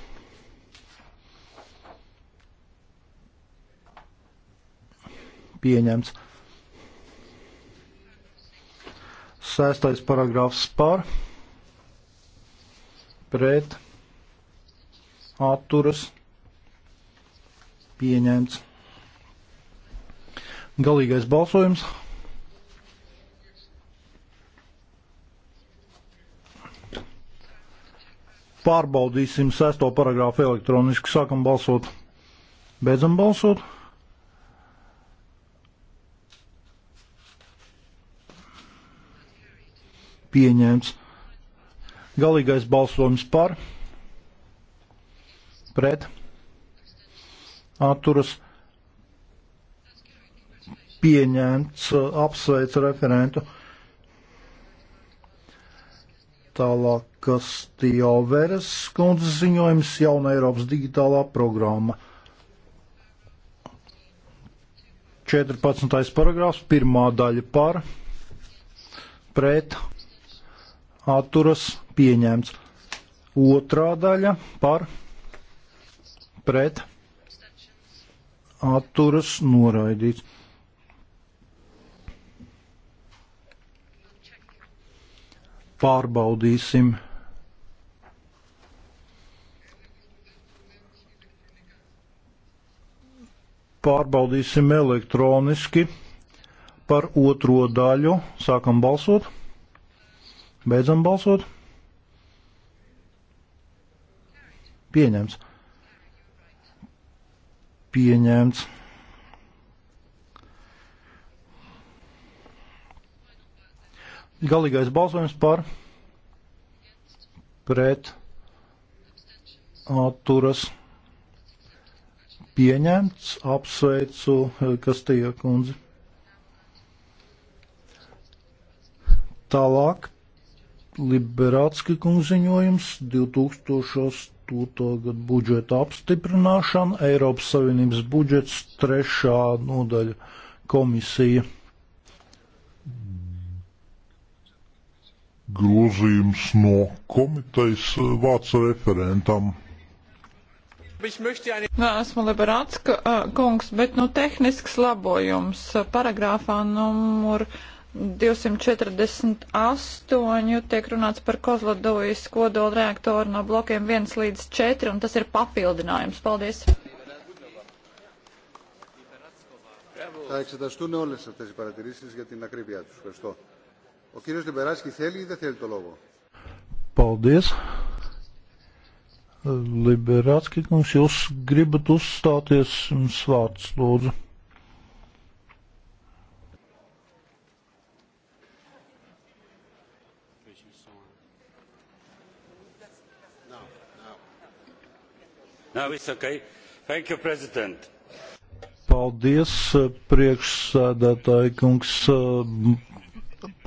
Pieņemts. Sēstais paragrāfs par, pret, atturas, pieņemts. Galīgais balsojums. Pārbaudīsim sesto paragrāfu elektroniski. Sākam balsot. Beidzam balsot. Pieņemts. Galīgais balsojums par. Pret. Atturas. Pieņemts. Apsveic referentu. Tālāk Kastījo Veres kundzes ziņojums Jauna Eiropas digitālā programma. 14. paragrāfs, pirmā daļa par, pret, atturas, pieņemts. Otrā daļa par, pret, atturas, noraidīts. pārbaudīsim. Pārbaudīsim elektroniski par otro daļu. Sākam balsot. Beidzam balsot. Pieņemts. Pieņemts. Galīgais balsojums par pret atturas pieņemts. Apsveicu eh, Kastīja kundzi. Tālāk Liberātska kungs ziņojums 2008. gada budžeta apstiprināšana, Eiropas Savienības budžets trešā nodaļa komisija. Grozījums no komitejas eh, vācu referentam. Nē, esmu liberāts kungs, bet nu tehnisks labojums paragrāfā numur 248 tiek runāts par Kozlodojas kodola reaktoru no blokiem 1 līdz 4, un tas ir papildinājums. Paldies! Θα εξεταστούν όλες αυτές οι παρατηρήσεις για την ακρίβειά τους. Ευχαριστώ. Ο κύριος Λιμπεράσκη θέλει ή δεν θέλει το λόγο. Paldies. Liberātski, kungs, jūs gribat uzstāties jums vārds, lūdzu. No, okay. Thank you, President. Paldies, priekšsēdētāji kungs.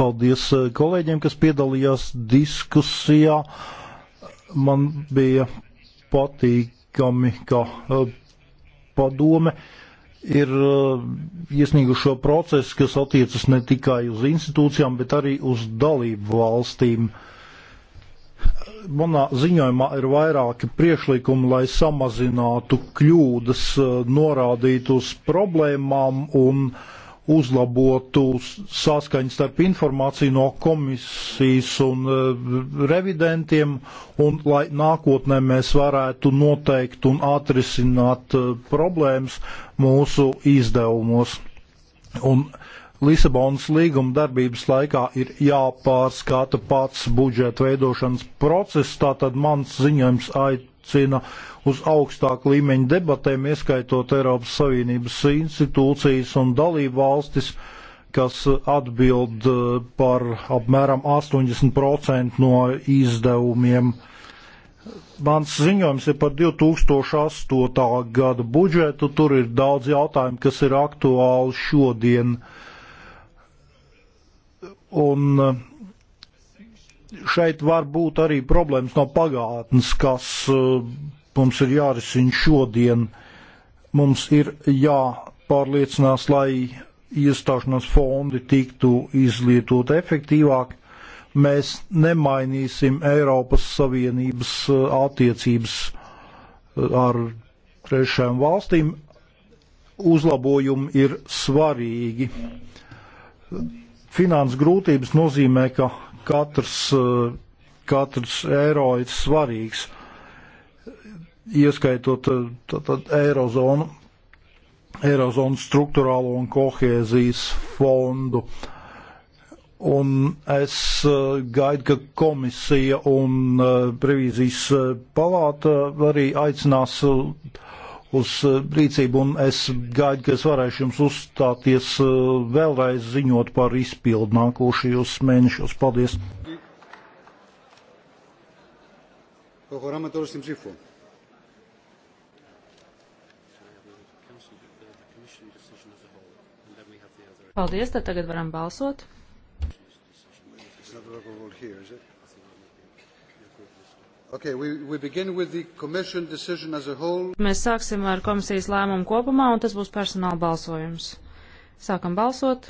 Paldies kolēģiem, kas piedalījās diskusijā. Man bija patīkami, ka eh, padome ir eh, iesniegušo procesu, kas attiecas ne tikai uz institūcijām, bet arī uz dalību valstīm. Manā ziņojumā ir vairāki priekšlikumi, lai samazinātu kļūdas, eh, norādītu uz problēmām un uh, uzlabotu saskaņu starp informāciju no komisijas un eh, revidentiem, un lai nākotnē mēs varētu noteikt un atrisināt eh, problēmas mūsu izdevumos. Un Lisabonas līguma darbības laikā ir jāpārskata pats budžeta veidošanas process, tātad mans ziņojums aiz jāveicina uz augstāku līmeņu debatēm, ieskaitot Eiropas Savienības institūcijas un dalību valstis, kas atbild eh, par apmēram 80% no izdevumiem. Mans ziņojums ir par 2008. gada budžetu. Tur ir daudz jautājumu, kas ir aktuāli šodien. Un šeit var būt arī problēmas no pagātnes, kas eh, mums ir jārisina šodien. Mums ir jāpārliecinās, lai iestāšanās fondi tiktu izlietot efektīvāk. Mēs nemainīsim Eiropas Savienības eh, attiecības eh, ar trešajām valstīm. Uzlabojumi ir svarīgi. Finanses grūtības nozīmē, ka katrs, eh, katrs eiro ir svarīgs, ieskaitot eh, tātad eirozonu, eirozonas struktūrālo un kohēzijas fondu. Un es eh, gaidu, ka komisija un revīzijas palāta arī aicinās uh, uz eh, rīcību, un es gaidu, ka es varēšu jums uzstāties eh, vēlreiz ziņot par izpildu nākošajos mēnešos. Paldies! Προχωράμε τώρα στην ψήφο. Paldies, tad tagad varam balsot. It's not a local vote here, is it? Okay, we, we Mēs sāksim ar komisijas lēmumu kopumā, un tas būs personāla balsojums. Sākam balsot.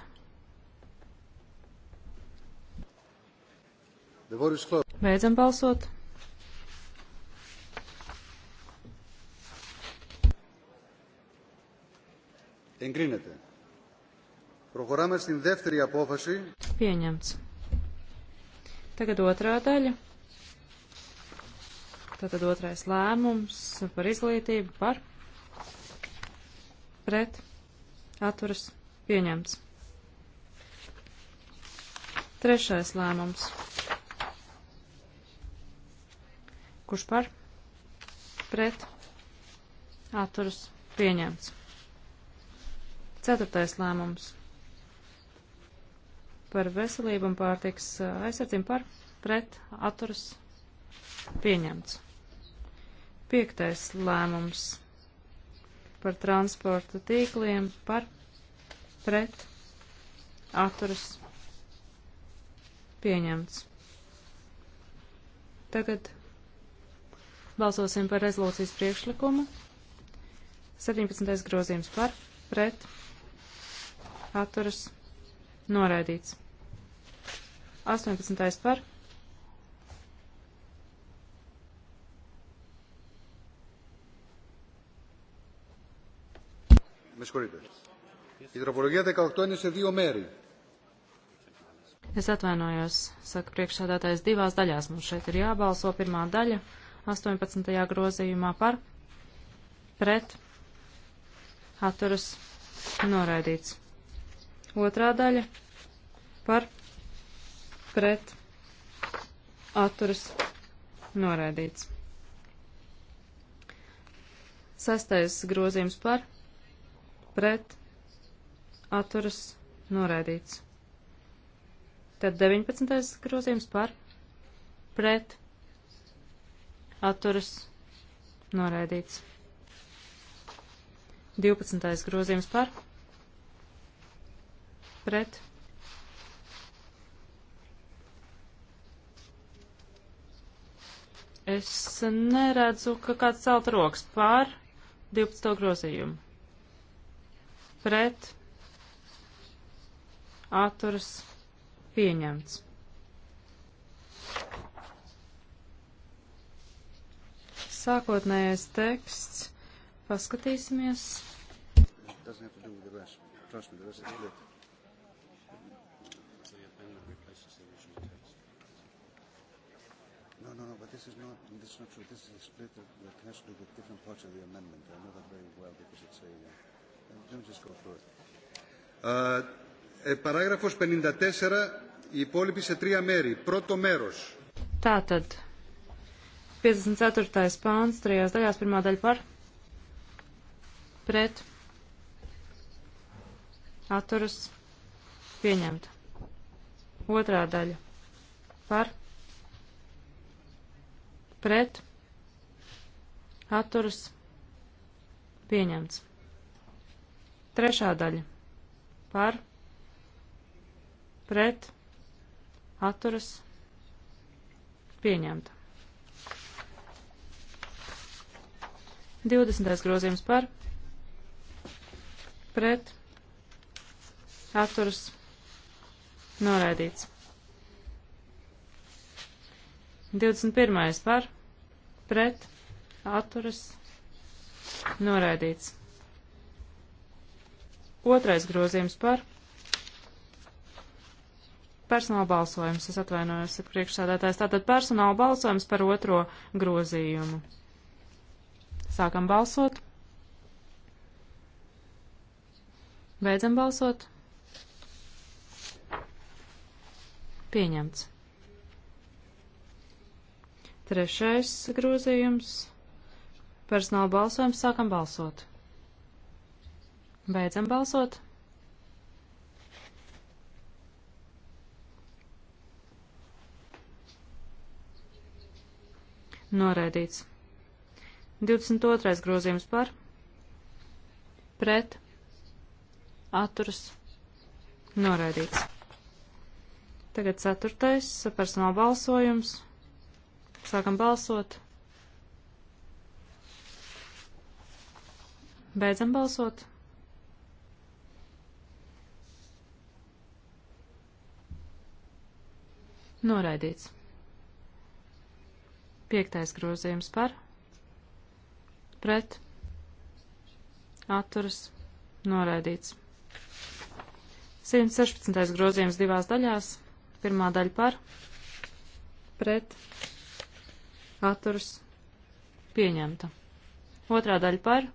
Beidzam balsot. Εγκρίνεται. Προχωράμε στην δεύτερη απόφαση. Pieņemts. Tagad otrā daļa. Tātad otrais lēmums par izglītību par pret atturas pieņemts. Trešais lēmums. Kurš par pret atturas pieņemts. Ceturtais lēmums. Par veselību un pārtiks uh, aizsardzību par pret atturas pieņemts. Piektais lēmums par transporta tīkliem par pret atturas pieņemts. Tagad balsosim par rezolūcijas priekšlikumu. 17. grozījums par pret atturas noraidīts. 18. par pret Με συγχωρείτε. Η τροπολογία 18 είναι σε δύο μέρη. Es atvainojos, saka priekšsādātājs, divās daļās mums šeit ir jābalso. Pirmā daļa 18. grozījumā par pret atturas noraidīts. Otrā daļa par pret atturas noraidīts. Sastais grozījums par pret pret atturas noraidīts. Tad 19. grozījums par pret atturas noraidīts. 12. grozījums par pret Es neredzu, ka kāds celt rokas pār 12. grozījumu pret atturas pieņemts. Sākotnējais teksts. Paskatīsimies. No, no, no, but this is not, this is not true. This is a split that has to do with different parts of the amendment. I know that very well because it's a... Uh, Ε, uh, eh, παράγραφος 54, οι υπόλοιποι σε τρία μέρη. Πρώτο μέρος. Tātad, 54. pāns, trijās daļās, pirmā daļa par, pret, atturas, pieņemta. Otrā daļa par, pret, atturas, pieņemts. Trešā daļa par pret atturas pieņemta. 20. grozījums par pret atturas noraidīts. 21. par pret atturas noraidīts. Otrais grozījums par personāla balsojums. Es atvainojos, ir priekšsādātājs. Tātad personāla balsojums par otro grozījumu. Sākam balsot. Beidzam balsot. Pieņemts. Trešais grozījums. Personāla balsojums. Sākam balsot. Beidzam balsot. Noraidīts. 22. grozījums par, pret, atturas, noraidīts. Tagad 4. personāla balsojums. Sākam balsot. Beidzam balsot. Noraidīts. Piektais grozījums par, pret, atturas, noraidīts. 116. grozījums divās daļās. Pirmā daļa par, pret, atturas, pieņemta. Otrā daļa par,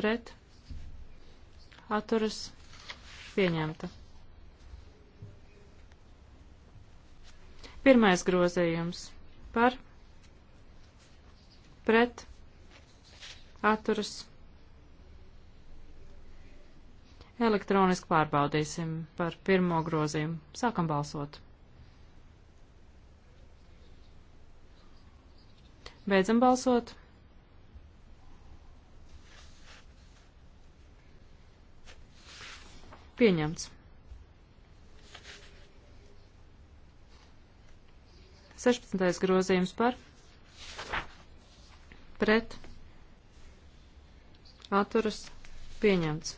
pret, atturas, pieņemta. Pirmais grozījums par pret atturas. Elektroniski pārbaudīsim par pirmo grozījumu. Sākam balsot. Beidzam balsot. Pieņemts. 16. grozījums par pret atturas pieņemts.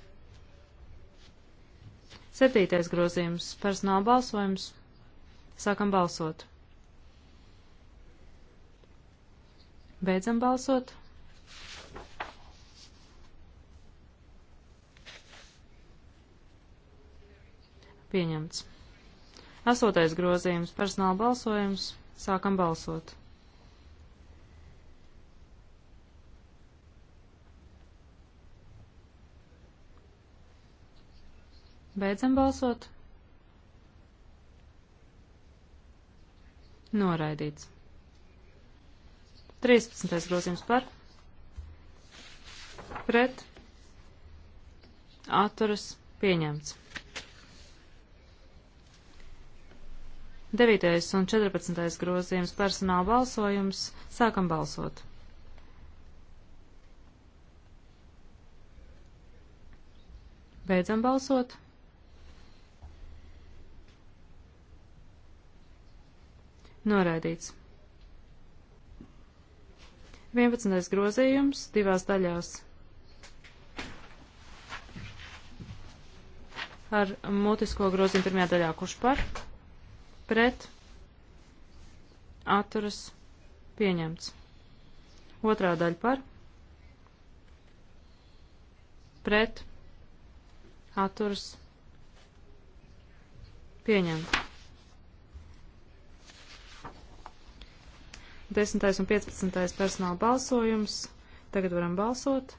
7. grozījums personāla balsojums. Sākam balsot. Beidzam balsot. Pieņemts. Astotais grozījums personāla balsojums. Sākam balsot. Beidzam balsot. Noraidīts. 13. grozījums par pret atturas pieņemts. 9. un 14. grozījums personāla balsojums. Sākam balsot. Beidzam balsot. Noraidīts. 11. grozījums divās daļās. Ar mutisko grozījumu pirmajā daļā kurš par? pret atturas pieņemts. Otrā daļa par pret atturas pieņemts. 10. un 15. personāla balsojums. Tagad varam balsot.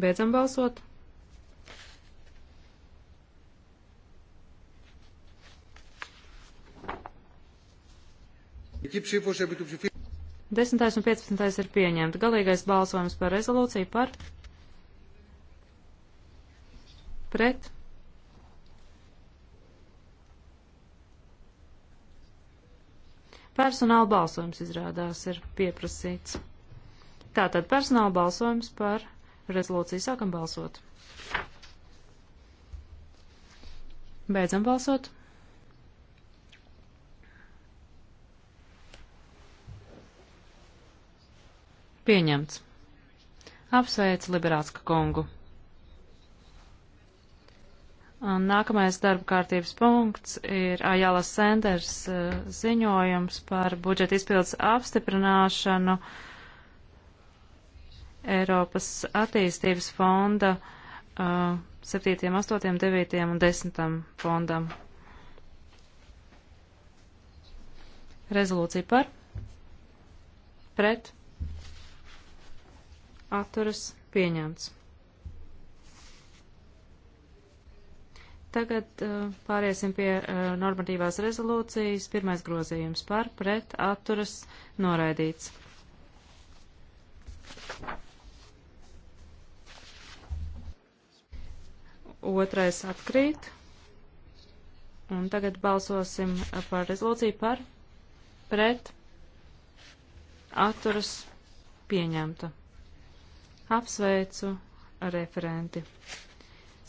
Beidzam balsot. Desmitais un piecpadsmitais ir pieņemti. Galīgais balsojums par rezolūciju par pret. Personāla balsojums izrādās ir pieprasīts. Tātad personāla balsojums par rezolūciju sākam balsot. Beidzam balsot. Pieņemts. Apsveic Liberācka kungu. Un nākamais darba kārtības punkts ir Ajala Sanders eh, ziņojums par budžeta izpildes apstiprināšanu Eiropas attīstības fonda 7., 8., 9. un 10. fondam. Rezolūcija par? Pret? atturas pieņemts. Tagad uh, pāriesim pie uh, normatīvās rezolūcijas. Pirmais grozījums par pret atturas noraidīts. Otrais atkrīt. Un tagad balsosim par rezolūciju par pret atturas pieņemta. Apsveicu referenti.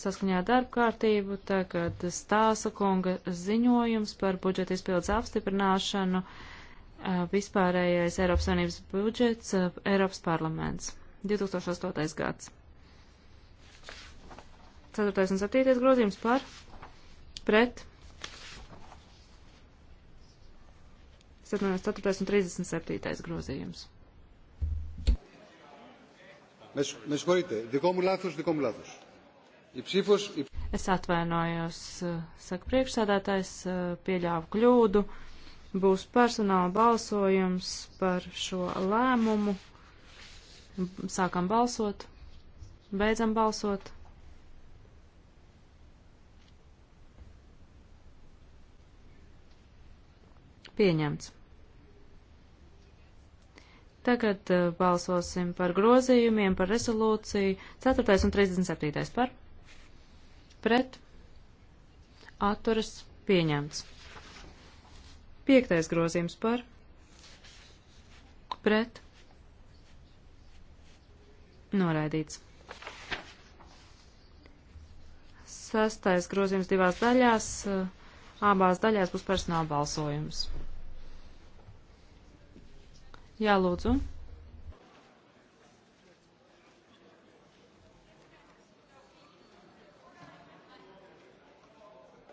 Saskaņā ar darba kārtību tagad stāsta kunga ziņojums par budžeta izpildes apstiprināšanu vispārējais Eiropas Savienības budžets, Eiropas parlaments. 2008. gads. 4. un 7. grozījums par pret 4. un 37. grozījums. Με συγχωρείτε. Δικό μου λάθος, δικό μου λάθος. Η ψήφος... Η... Es atvainojos, eh, saka priekšsādātājs, eh, pieļāvu kļūdu. Būs personāla balsojums par šo lēmumu. Sākam balsot, beidzam balsot. Pieņemts. Tagad uh, balsosim par grozījumiem, par rezolūciju. 4. un 37. par. Pret. Atturas pieņemts. 5. grozījums par. Pret. Noraidīts. Sastais grozījums divās daļās. Eh, abās daļās būs personāla balsojums. Jā, lūdzu.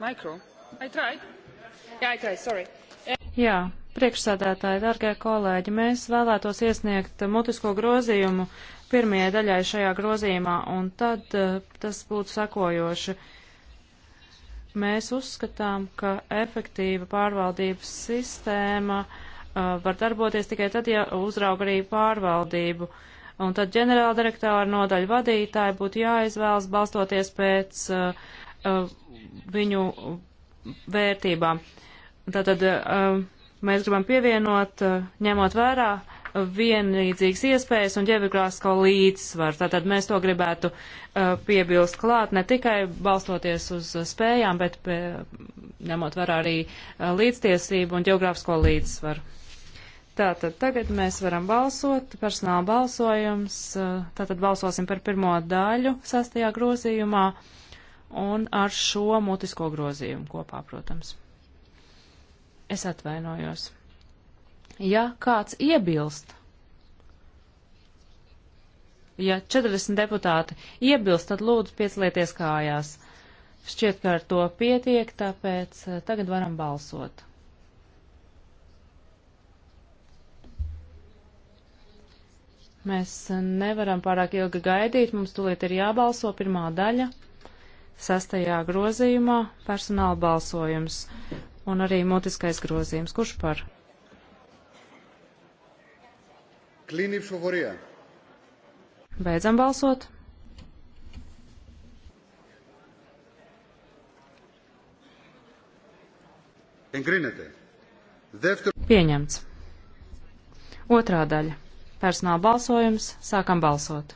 Mikro. I tried. Yeah, I tried, sorry. Jā, priekšsādātāji, dargie kolēģi, mēs vēlētos iesniegt mutisko grozījumu pirmajai daļai šajā grozījumā, un tad eh, tas būtu sakojoši. Mēs uzskatām, ka efektīva pārvaldības sistēma uh, Uh, var darboties tikai tad, ja uzrauga arī pārvaldību. Un tad ģenerāla direktora nodaļa vadītāji būtu jāizvēlas balstoties pēc uh, uh, viņu vērtībām. Tātad uh, mēs gribam pievienot, uh, ņemot vērā vienlīdzīgas iespējas un ģeogrāfisko līdzsvaru. Tātad mēs to gribētu uh, piebilst klāt ne tikai balstoties uz spējām, bet pie, uh, ņemot vērā arī uh, līdztiesību un ģeogrāfisko līdzsvaru. Tātad tagad mēs varam balsot, personāla balsojums, eh, tātad balsosim par pirmo daļu sastajā grozījumā un ar šo mutisko grozījumu kopā, protams. Es atvainojos. Ja kāds iebilst, ja 40 deputāti iebilst, tad lūdzu pieslieties kājās. Šķiet, ka ar to pietiek, tāpēc eh, tagad varam balsot. Mēs nevaram pārāk ilgi gaidīt, mums tūlīt ir jābalso pirmā daļa, sastajā grozījumā personāla balsojums un arī mutiskais grozījums. Kurš par? Klīnība šovorijā. Beidzam balsot. Pieņemts. Otrā daļa. Personāla balsojums. Sākam balsot.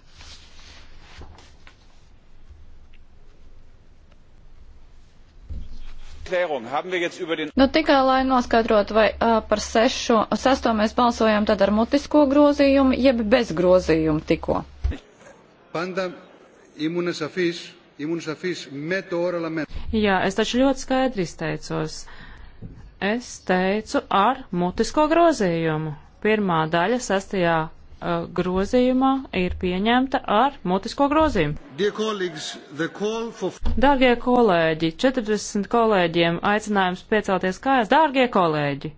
Nu, tikai lai noskaidrotu, vai uh, par sešu, sesto mēs balsojām tad ar mutisko grozījumu, jeb bez grozījumu tikko. Jā, es taču ļoti skaidri izteicos. Es teicu ar mutisko grozījumu. Pirmā daļa sastajā uh, grozījumā ir pieņemta ar mutisko grozījumu. For... Dārgie kolēģi, 40 kolēģiem aicinājums piecelties kājās. Dārgie kolēģi!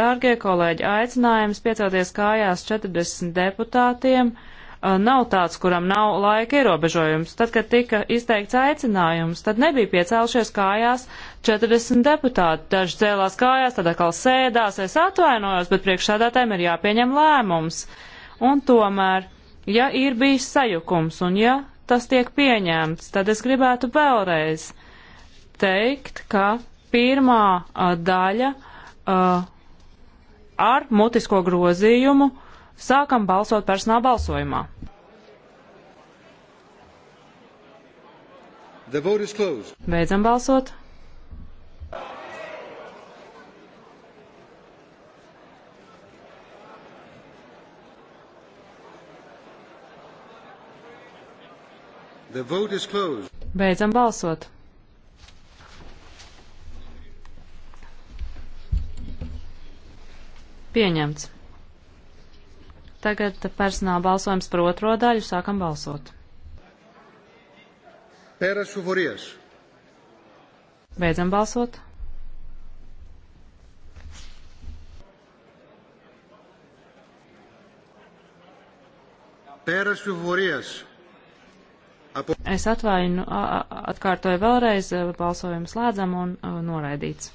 Dārgie kolēģi, aicinājums piecelties kājās 40 deputātiem. Uh, Uh, nav tāds, kuram nav laika ierobežojums. Tad, kad tika izteikts aicinājums, tad nebija piecēlušies kājās 40 deputāti. Daži cēlās kājās, tad atkal sēdās, es atvainojos, bet priekšsādātājiem ir jāpieņem lēmums. Un tomēr, ja ir bijis sajukums un ja tas tiek pieņemts, tad es gribētu vēlreiz teikt, ka pirmā a, uh, daļa a, uh, ar mutisko grozījumu a, Sākam balsot personāla balsojumā. Beidzam balsot. Beidzam balsot. Pieņemts. Tagad personāla balsojums par otro daļu. Sākam balsot. Pēras Uvorijas. Beidzam balsot. Pēras Uvorijas. Es atvainu, atkārtoju vēlreiz, e, balsojums slēdzam un e, noraidīts.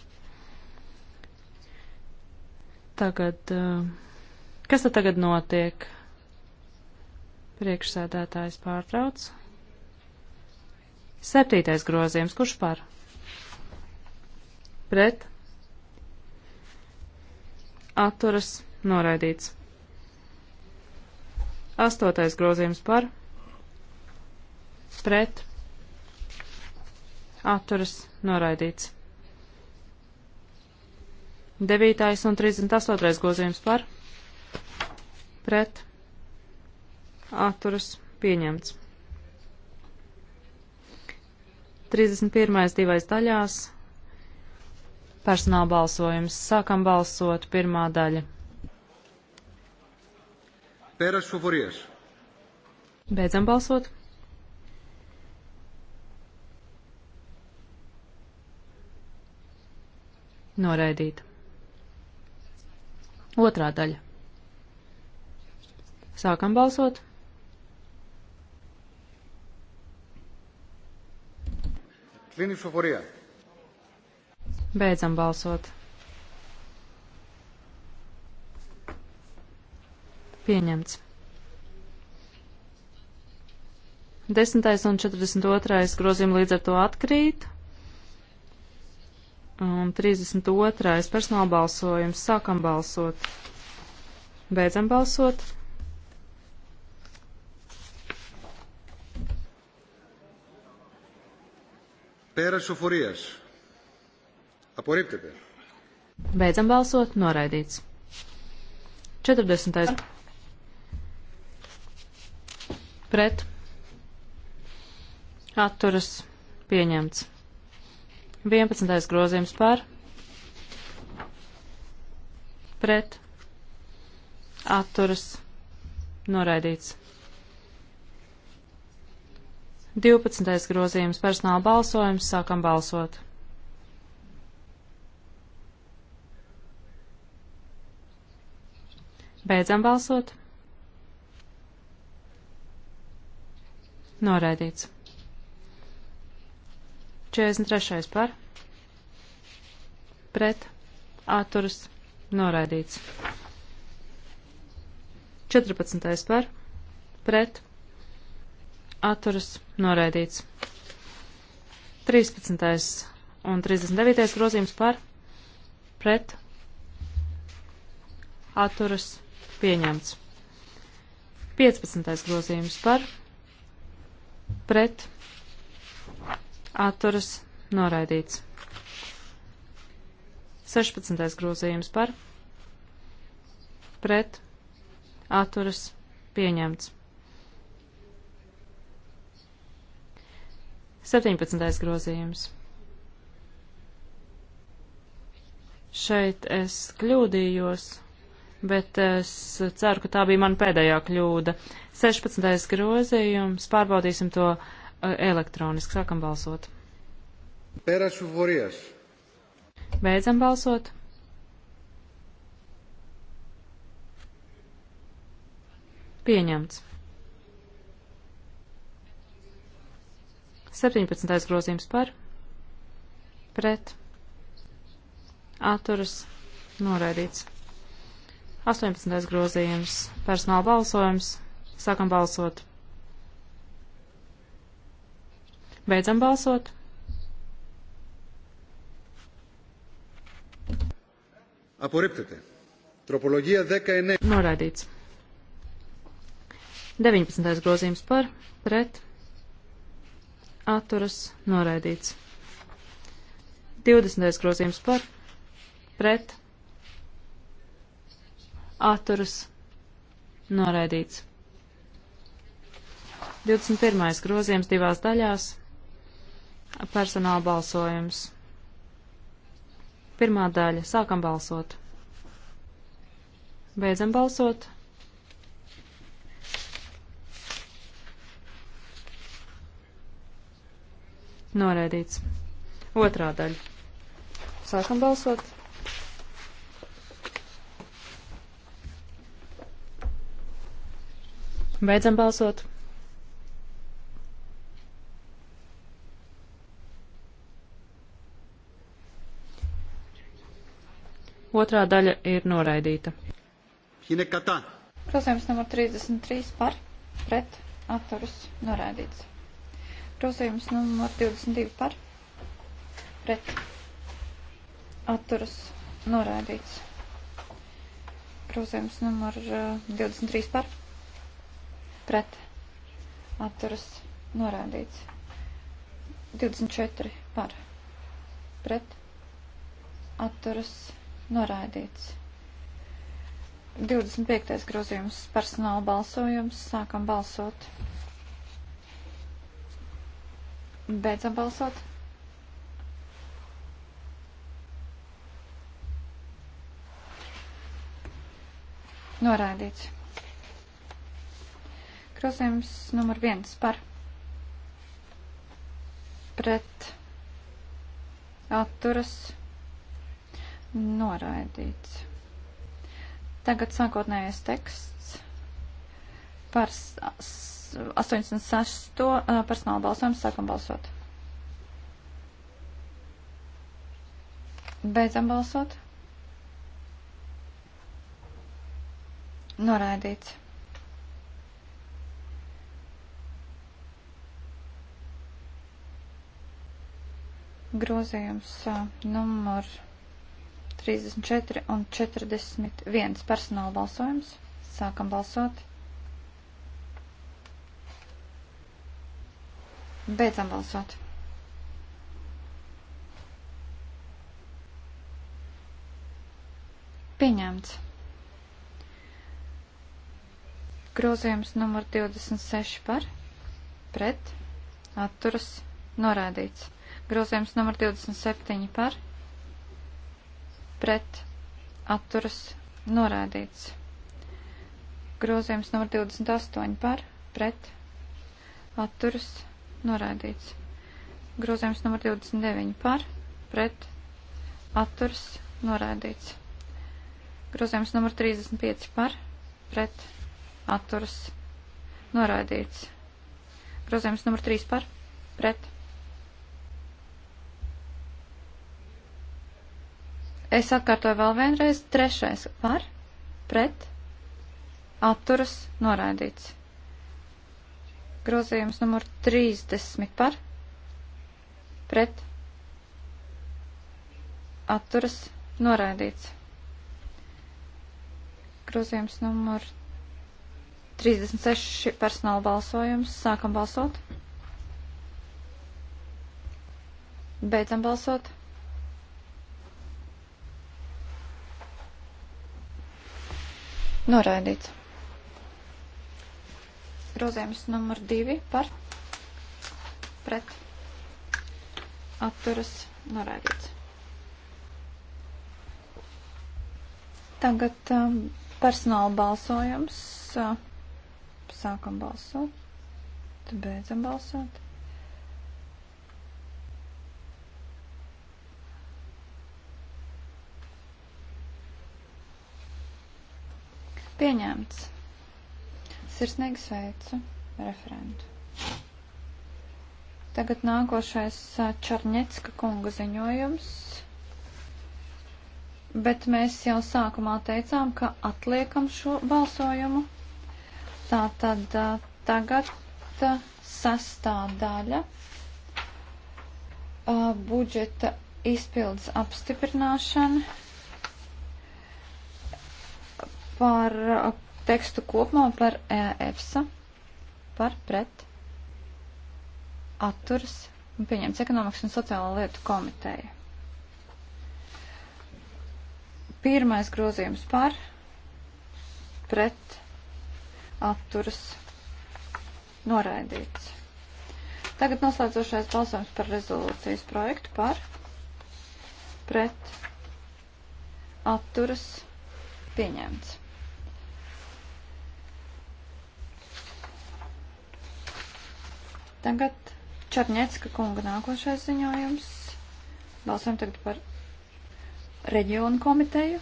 Tagad. Uh, Kas tad tagad notiek? Priekšsēdētājs pārtrauc. Septītais grozījums. Kurš par? Pret. Atturas. Noraidīts. Astotais grozījums par. Pret. Atturas. Noraidīts. Devītais un 38. grozījums par. Pret pret atturas pieņemts. 31. divais daļās personāla balsojums. Sākam balsot pirmā daļa. Pēras favorijas. Beidzam balsot. Noraidīt. Otrā daļa. Sākam balsot. Klīni šoforijā. Beidzam balsot. Pieņemts. 10. un 42. grozījuma līdz ar to atkrīt. Un 32. personāla balsojums. Sākam balsot. Beidzam balsot. Pēra šoforijas. Aporiptepē. Beidzam balsot. Noraidīts. 40. Pret. Atturas. Pieņemts. 11. grozījums par. Pret. Atturas. Noraidīts. 12. grozījums personāla balsojums. Sākam balsot. Beidzam balsot. Noraidīts. 43. par. Pret. Atturas. Noraidīts. 14. par. Pret atturas noraidīts. 13. un 39. grozījums par pret atturas pieņemts. 15. grozījums par pret atturas noraidīts. 16. grozījums par pret atturas pieņemts. 17. grozījums. Šeit es kļūdījos, bet es ceru, ka tā bija mana pēdējā kļūda. 16. grozījums, pārbaudīsim to uh, elektroniski, sākam balsot. Pērašu vorijas. Beidzam balsot. Pieņemts. 17. grozījums par, pret, atturas, noraidīts. 18. grozījums, personāla balsojums, sākam balsot. Beidzam balsot. Απορρίπτεται. Τροπολογία 19. Noraidīts. 19. grozījums par, pret, atturas noraidīts. 20. grozījums par pret atturas noraidīts. 21. grozījums divās daļās personāla balsojums. Pirmā daļa. Sākam balsot. Beidzam balsot. Noraidīts. Otrā daļa. Sākam balsot. Beidzam balsot. Otrā daļa ir noraidīta. Grozījums numur 33 par pret atturus noraidīts. Grozījums numur 22 par pret atturas norādīts. Grozījums numur 23 uh, par pret atturas norādīts. 24 par pret atturas norādīts. 25. grozījums personāla balsojums. Sākam balsot. Beidzam balsot. Norādīts. Krosējums numur viens par pret atturas noraidīts. Tagad sākotnējais teksts par 86. personāla balsojums. Sākam balsot. Beidzam balsot. Noraidīts. Grozījums numur 34 un 41 personāla balsojums. Sākam balsot. Beidzam balsot. Pieņemts. Grozījums numur 26 par, pret, atturas, norādīts. Grozījums numur 27 par, pret, atturas, norādīts. Grozījums numur 28 par, pret, atturas, norādīts noraidīts. Grozījums numur 29 par, pret, atturs, noraidīts. Grozījums numur 35 par, pret, atturs, noraidīts. Grozījums numur 3 par, pret. Es atkārtoju vēl vienreiz. Trešais par, pret, atturas, noraidīts. Grozījums numur 30 par pret atturas noraidīts. Grozījums numur 36 personāla balsojums. Sākam balsot. Beidzam balsot. Noraidīts. Grozījums numur 2 par pret atturas norādīts. Tagad um, personāla balsojums. Uh, sākam balsot, tad beidzam balsot. Pieņemts. Sirsnīgi sveicu referentu. Tagad nākošais Čarņecka kunga ziņojums. Bet mēs jau sākumā teicām, ka atliekam šo balsojumu. Tā tad tagad sastā daļa budžeta izpildes apstiprināšana par tekstu kopumā par e, EFSA, par pret atturas un pieņemts ekonomikas un sociālo lietu komiteja. Pirmais grozījums par pret atturas noraidīts. Tagad noslēdzošais balsojums par rezolūcijas projektu par pret atturas pieņemts. Tagad Čarņecka kunga nākošais ziņojums. Balsojam tagad par reģionu komiteju.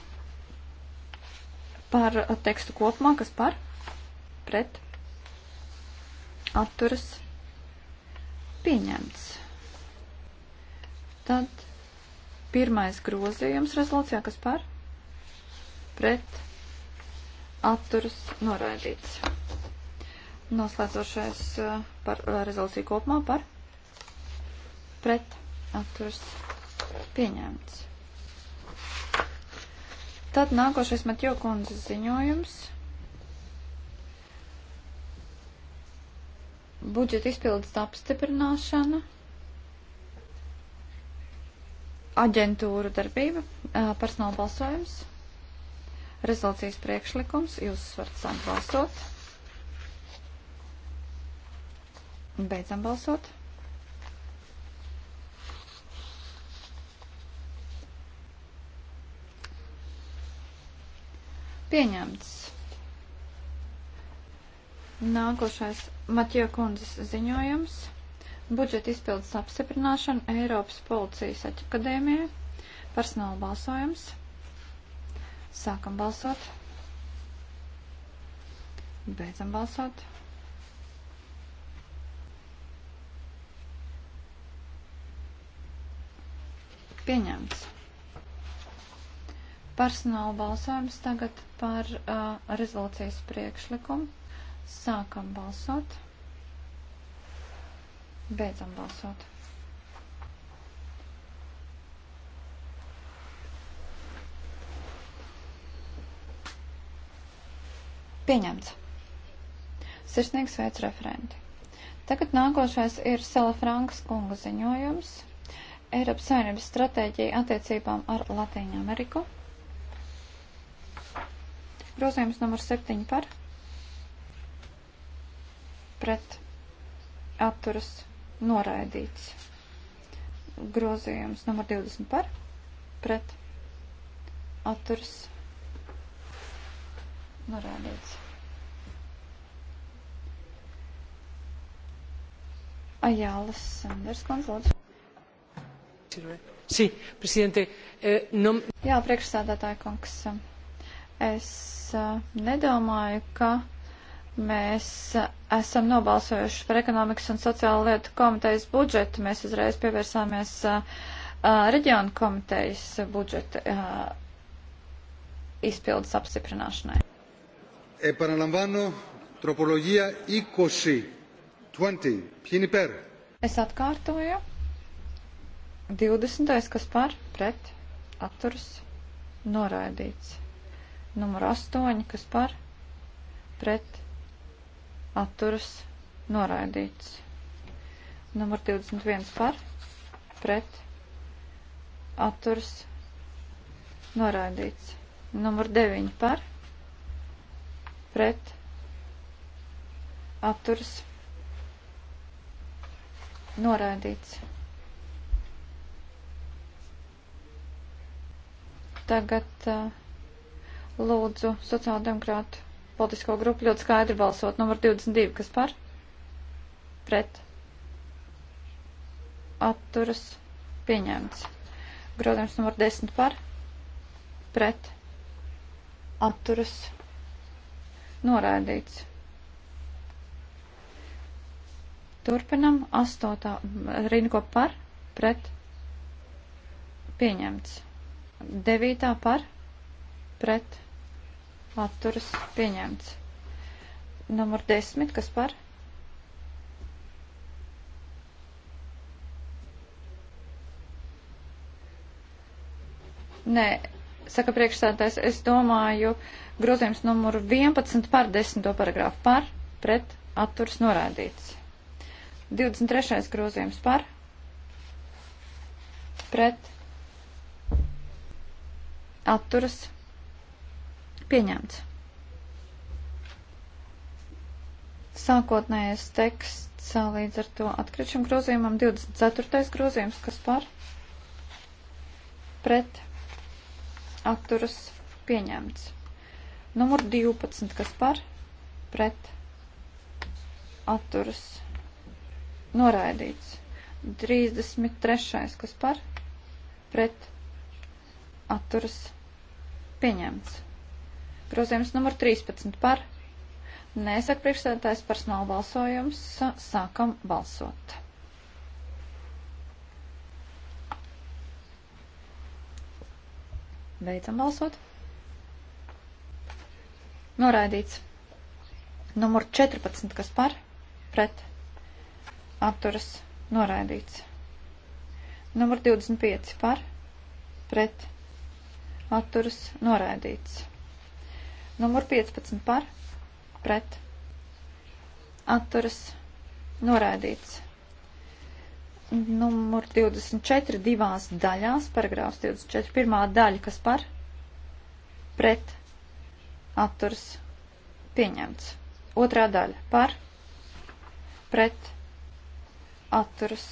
Par uh, tekstu kopumā, kas par, pret, atturas, pieņemts. Tad pirmais grozījums rezolūcijā, kas par, pret, atturas, noraidīts. Noslēdzošais eh, par eh, rezolūciju kopumā par pret atturas pieņemts. Tad nākošais Matjo kundzes ziņojums. Budžeta izpildes apstiprināšana. Aģentūra darbība, eh, personāla balsojums, rezolūcijas priekšlikums, jūs varat sākt balsot. Beidzam balsot. Pieņemts. Nākošais Matjo kundzes ziņojums. Budžeta izpildes apstiprināšana Eiropas policijas akadēmijai. Personāla balsojums. Sākam balsot. Beidzam balsot. pieņemts. Personāla balsojums tagad par uh, rezolūcijas priekšlikumu. Sākam balsot. Beidzam balsot. Pieņemts. Sirsnīgs veids referenti. Tagad nākošais ir Sela Frankas kunga ziņojums. Eiropas Savienības stratēģija attiecībām ar Latīņu Ameriku. Grozījums numur 7 par pret atturas noraidīts. Grozījums numur 20 par pret atturas noraidīts. Ajālas Sanders konsults. Eh, Jā, priekšsēdētāja kungs, es eh, nedomāju, ka mēs eh, esam nobalsojuši par ekonomikas un sociālo lietu komitejas budžetu. Mēs uzreiz pievērsāmies reģionu komitejas budžeta izpildes apstiprināšanai. Επαναλαμβάνω, τροπολογία 20. 20. Ποιοι είναι υπέρ? Es atkārtoju. 20. kas par pret atturas noraidīts. Numur 8. kas par pret atturas noraidīts. Numur 21 par pret atturas noraidīts. Numur 9 par pret atturas noraidīts. Tagad uh, lūdzu sociāldemokrātu politisko grupu ļoti skaidri balsot. Numur 22, kas par? Pret. Atturas. Pieņemts. Grozījums numur 10 par? Pret. Atturas. Noraidīts. Turpinam. Astotā. Rinko par? Pret. Pieņemts. Devītā par pret atturas pieņemts. Numur desmit, kas par? Nē, saka priekšsētājs, es domāju, grozījums numuru 11 par 10 paragrāfu par, pret, atturs norādīts. 23. grozījums par, pret, atturas pieņemts. Sākotnējais teksts līdz ar to atkrišam grozījumam 24. grozījums, kas par pret atturas pieņemts. Numur 12, kas par pret atturas noraidīts. 33. kas par pret atturas atturas pieņemts. Grozījums numur 13 par. Nesaka priekšsēdētājs personāla balsojums. Sākam balsot. Beidzam balsot. Noraidīts. Numur 14, kas par? Pret. Atturas. Noraidīts. Numur 25 par? Pret atturas noraidīts. Numur 15 par, pret, atturas noraidīts. Numur 24 divās daļās, paragrāfs 24, pirmā daļa, kas par, pret, atturas pieņemts. Otrā daļa par, pret, atturas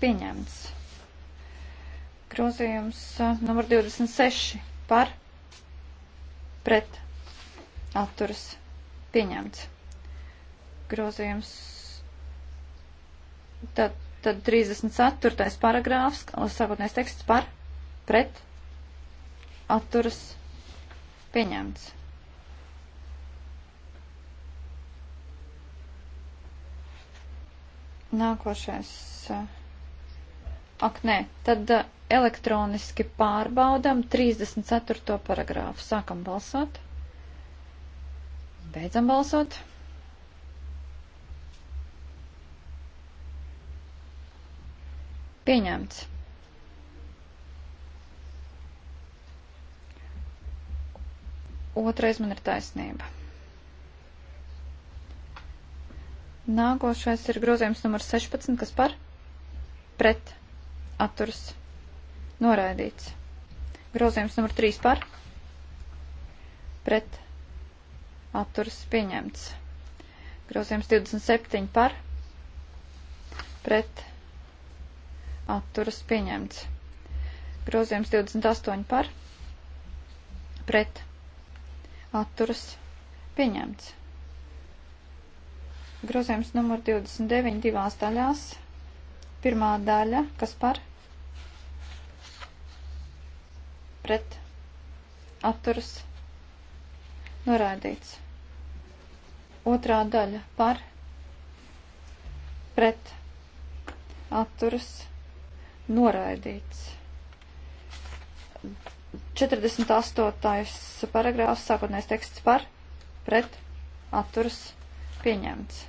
pieņemts. Grozījums eh, numur 26 par pret atturas pieņemts. Grozījums tad, tad 34. paragrāfs, sākotnēs teksts par pret atturas pieņemts. Nākošais. Eh, ak, nē, tad eh, Elektroniski pārbaudam 34. paragrāfu. Sākam balsot. Beidzam balsot. Pieņemts. Otrais man ir taisnība. Nākošais ir grozījums numur 16, kas par pret atturs Noraidīts. Grozījums numur 3 par. Pret. Atturas pieņemts. Grozījums 27 par. Pret. Atturas pieņemts. Grozījums 28 par. Pret. Atturas pieņemts. Grozījums numur 29 divās daļās. Pirmā daļa, kas par? pret atturas norādīts. Otrā daļa par pret atturas noraidīts. 48. paragrāfs sākotnējais teksts par pret atturas pieņemts.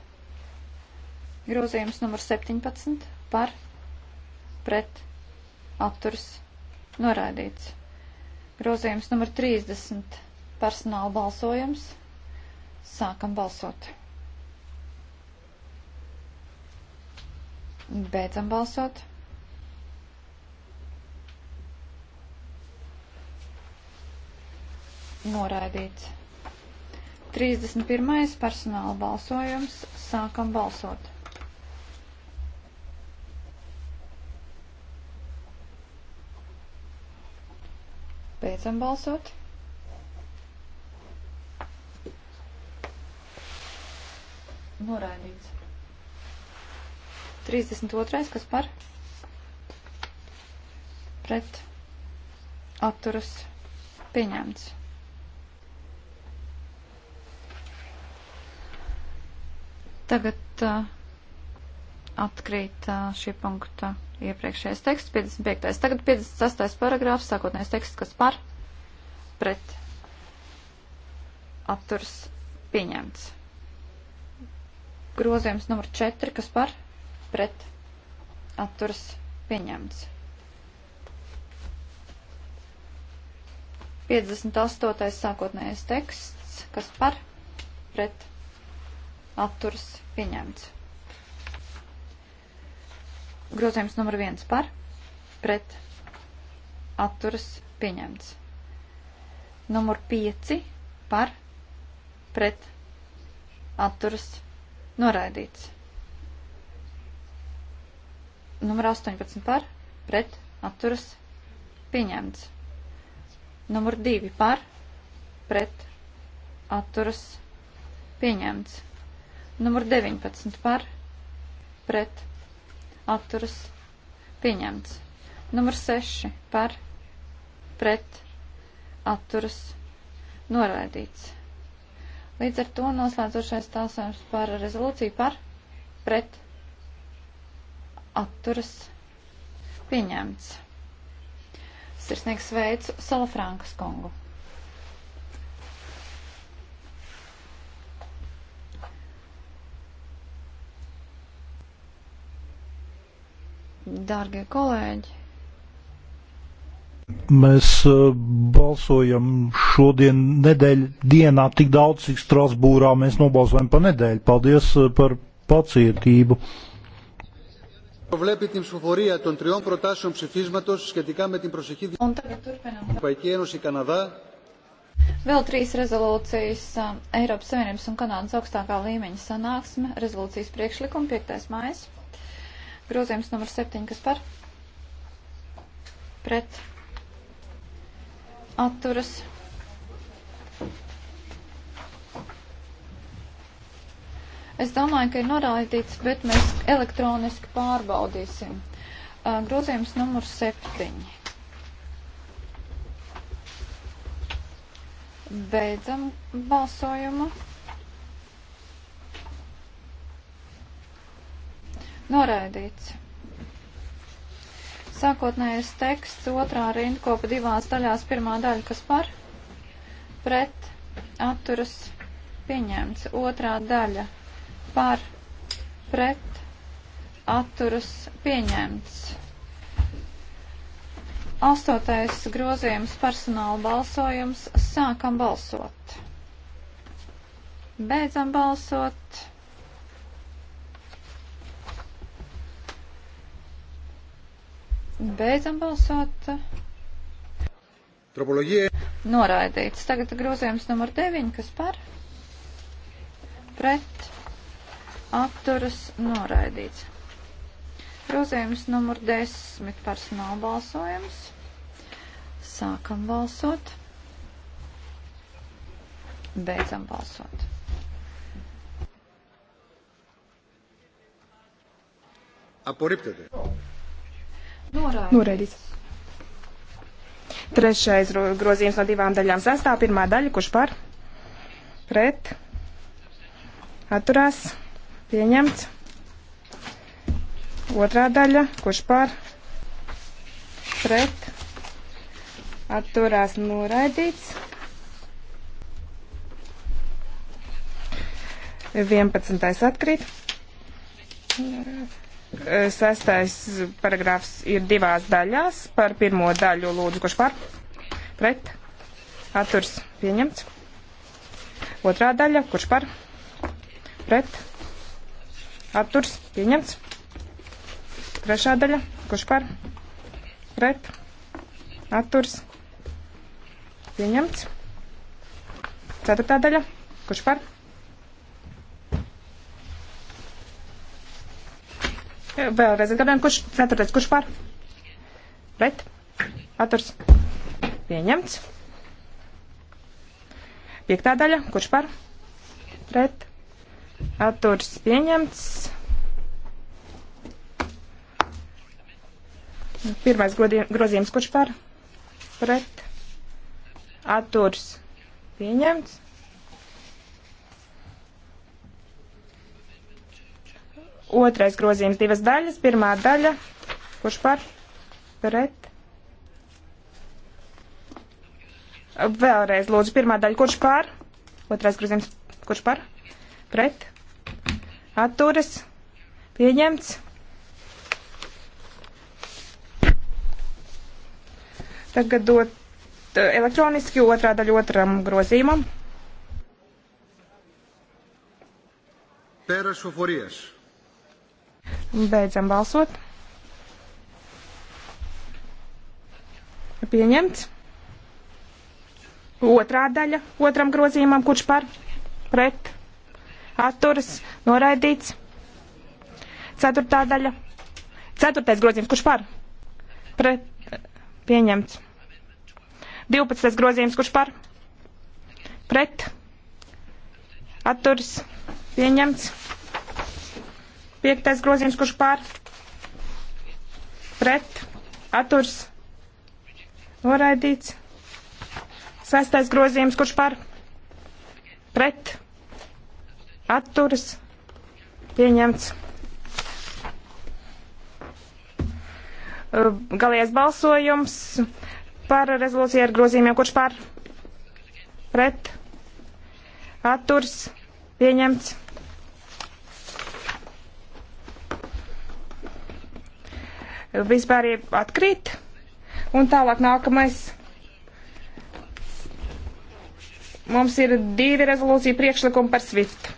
Grozījums numur 17 par pret atturas noraidīts. Grozījums numur 30. Personāla balsojums. Sākam balsot. Beidzam balsot. Noraidīts. 31. personāla balsojums. Sākam balsot. Beidzam balsot. Noraidīts. 32. kas par? Pret. Atturas. Pieņemts. Tagad uh, atkrīt uh, šī punkta iepriekšējais teksts, 55. Tagad 58. paragrāfs, sākotnējais teksts, kas par pret atturs pieņemts. Grozījums numur 4, kas par pret atturs pieņemts. 58. sākotnējais teksts, kas par pret atturs pieņemts. Grozījums numur 1 par pret atturs pieņemts. Numur 5 par pret atturas noraidīts. Numur 18 par pret atturas pieņemts. Numur 2 par pret atturas pieņemts. Numur 19 par pret atturas pieņemts. Numur 6 par pret atturas pieņemts atturas noraidīts. Līdz ar to noslēdzošais tāsājums par rezolūciju par pret atturas pieņemts. Sirsnieks sveicu Salafrankas kungu. Dārgie kolēģi, Mēs eh, balsojam šodien nedēļ dienā tik daudz, cik Strasbūrā mēs nobalsojam pa nedēļu. Paldies eh, par pacietību. Προβλέπει την ψηφοφορία των τριών προτάσεων ψηφίσματος σχετικά με την προσεχή Ευρωπαϊκή Ένωση Καναδά. Vēl trīs rezolūcijas Eiropas Savienības un Kanādas augstākā līmeņa sanāksme, rezolūcijas priekšlikuma 5. mājas, grozījums numur 7, kas par pret atturas. Es domāju, ka ir noraidīts, bet mēs elektroniski pārbaudīsim. Grozījums numur septiņi. Beidzam balsojumu. Noraidīts. Sākotnējais teksts, otrā rindkopa divās daļās, pirmā daļa, kas par, pret, atturas, pieņemts. Otrā daļa, par, pret, atturas, pieņemts. Astotais grozījums personāla balsojums. Sākam balsot. Beidzam balsot. Beidzam balsot. Tropoloģija. Noraidīts. Tagad grozījums numur 9, kas par? Pret. Atturas noraidīts. Grozījums numur 10, personāla balsojums. Sākam balsot. Beidzam balsot. Apuriptēdē. Noraidīts. Trešais grozījums no divām daļām sastāv. Pirmā daļa, kurš par, pret, atturās, pieņemts. Otrā daļa, kurš par, pret, atturās, noraidīts. 11. atkrīt. Sestais paragrāfs ir divās daļās. Par pirmo daļu lūdzu, kurš par? Pret. Atturs pieņemts. Otrā daļa, kurš par? Pret. Atturs pieņemts. Trešā daļa, kurš par? Pret. Atturs pieņemts. Ceturtā daļa, kurš par? Pret Vēlreiz atgādājam, kurš ceturtais, kurš par? Pret? Atturs. Pieņemts. Piektā daļa, kurš par? Pret? Atturs. Pieņemts. Pirmais grozījums, kurš par? Pret? Atturs. Pieņemts. Otrais grozījums divas daļas. Pirmā daļa, kurš par pret. Vēlreiz lūdzu, pirmā daļa, kurš par. Otrais grozījums, kurš par pret. Atturas. Pieņemts. Tagad dot eh, elektroniski otrā daļa otram grozījumam. Pēras šoforijas. Beidzam balsot. Pieņemts. Otrā daļa otram grozījumam, kurš par pret atturas noraidīts. Ceturtā daļa. Ceturtais grozījums, kurš par pret pieņemts. 12. grozījums, kurš par pret atturas pieņemts. Piektais grozījums, kurš pār pret atturs noraidīts. Sestais grozījums, kurš pār pret atturs pieņemts. Galējais balsojums par rezolūciju ar grozījumiem, kurš pār pret atturs pieņemts. vispār atkrīt. Un tālāk nākamais. Mums ir divi rezolūcija priekšlikumi par SWIFT.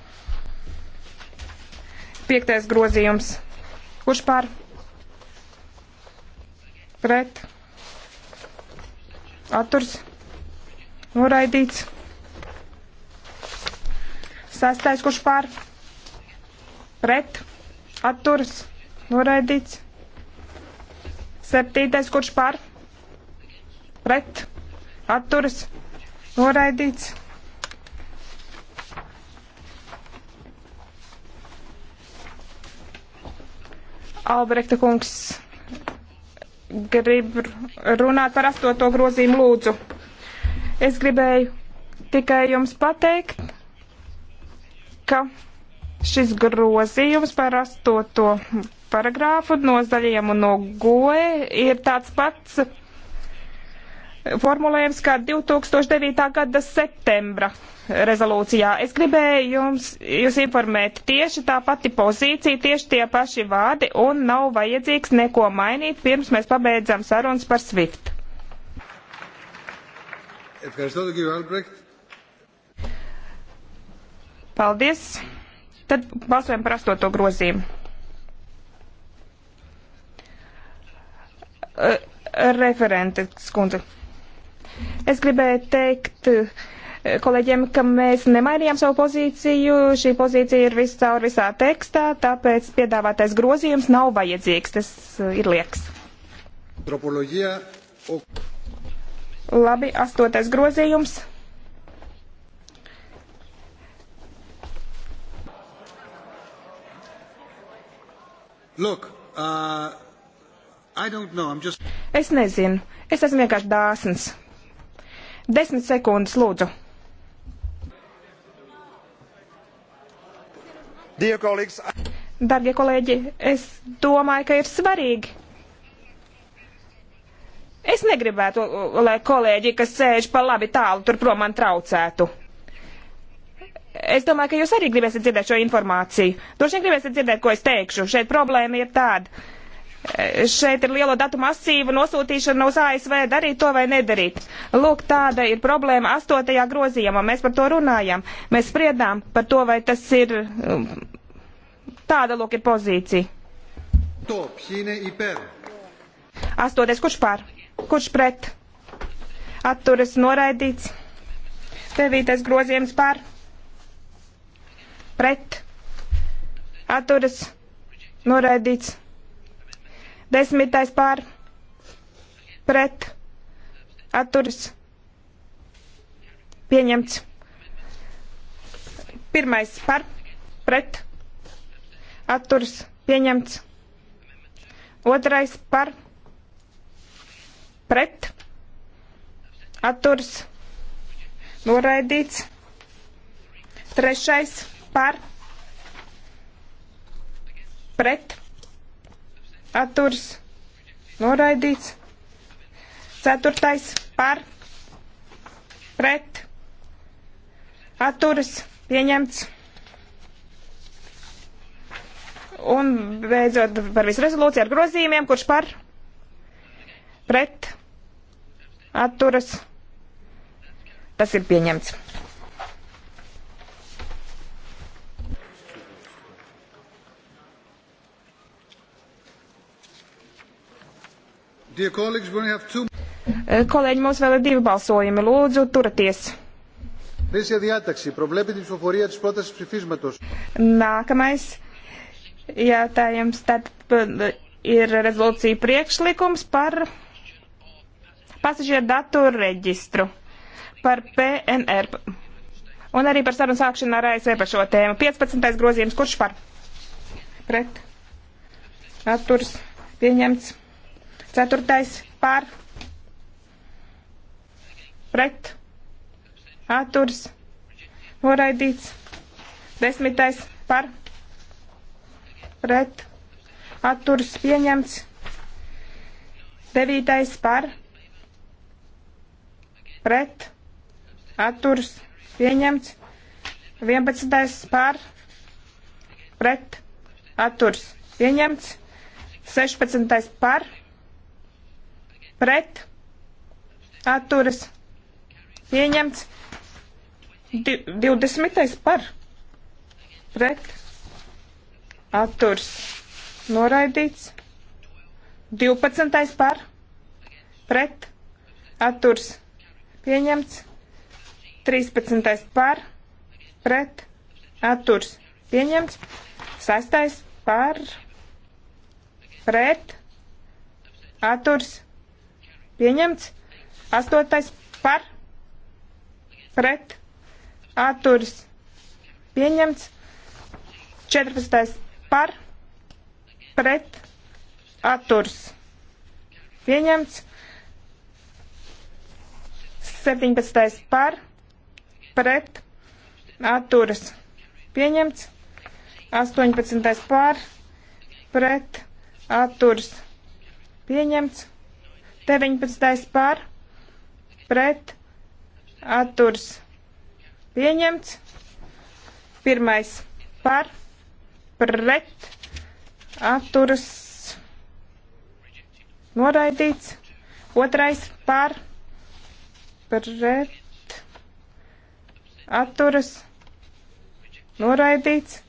Piektais grozījums. Kurš pār? Pret. Atturs. Noraidīts. Sastais, kurš pār? Pret. Atturs. Noraidīts. Septītais, kurš par? Pret. Atturas. Noraidīts. Albrekta kungs grib runāt par astoto grozīmu lūdzu. Es gribēju tikai jums pateikt, ka šis grozījums par astoto paragrāfu no zaļiem un no goe ir tāds pats formulējums kā 2009. gada septembra rezolūcijā. Es gribēju jums, jūs informēt tieši tā pati pozīcija, tieši tie paši vārdi un nav vajadzīgs neko mainīt, pirms mēs pabeidzam sarunas par SWIFT. Paldies. Tad balsojam par astoto grozījumu. Eh, referente skundze. Es gribēju teikt eh, kolēģiem, ka mēs nemainījām savu pozīciju. Šī pozīcija ir viscaur visā tekstā, tāpēc piedāvātais grozījums nav vajadzīgs. Tas eh, ir liekas. Tropoloģija. Labi, astotais grozījums. Look, uh, Just... Es nezinu. Es esmu vienkārši dāsns. Desmit sekundes, lūdzu. Darbie kolēģi, es domāju, ka ir svarīgi. Es negribētu, uh, lai kolēģi, kas sēž pa labi tālu, tur prom man traucētu. Es domāju, ka jūs arī gribēsiet dzirdēt šo informāciju. Droši vien gribēsiet dzirdēt, ko es teikšu. Šeit problēma ir tāda šeit ir lielo datu masīvu nosūtīšana uz ASV, darīt to vai nedarīt. Lūk, tāda ir problēma astotajā grozījumā, mēs par to runājam, mēs spriedām par to, vai tas ir, um, tāda lūk ir pozīcija. Top, Astoties, kurš pār? Kurš pret? Atturas noraidīts. Devītais grozījums pār. Pret. Atturas noraidīts. Desmitais pār pret atturas pieņemts. Pirmais par pret atturas pieņemts. Otrais par pret atturas noraidīts. Trešais par pret atturs noraidīts. Ceturtais par pret atturas pieņemts. Un beidzot par visu rezolūciju ar grozījumiem, kurš par pret atturas. Tas ir pieņemts. Two... Eh, kolēģi, mums vēl ir divi balsojumi. Lūdzu, turieties! Nākamais jautājums tad eh, ir rezolūcija priekšlikums par pasažieru datu reģistru, par PNR un arī par sarunu sākšanu ar ASV par šo tēmu. 15. grozījums, kurš par? Pret. Atturs pieņemts. Ceturtais par pret atturs noraidīts. Desmitais par pret atturs pieņemts. Devītais par pret atturs pieņemts. Vienpadsmitais par pret atturs pieņemts. Sešpadsmitais par pret pret, atturas, pieņemts. 20. par, pret, atturas, noraidīts. 12. par, pret, atturs, pieņemts. 13. par, pret, atturs, pieņemts. 6. par, pret, atturs, pieņemts. Astotais par, pret, atturas, pieņemts. 14. par, pret, atturas, pieņemts. 17. par, pret, atturas, pieņemts. 18. par, pret, atturas, pieņemts. 19. par pret atturs pieņemts. Pirmais par pret atturs noraidīts. Otrais par pret atturs noraidīts.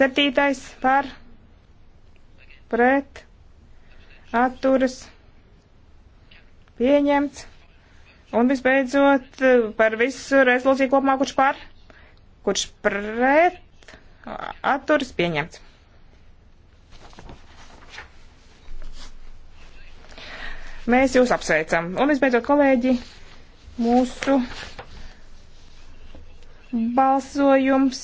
Septītais par pret atturas noraidīts pieņemts. Un visbeidzot, par visu rezolūciju kopumā, kurš par, kurš pret, atturis pieņemts. Mēs jūs apsveicam. Un visbeidzot, kolēģi, mūsu balsojums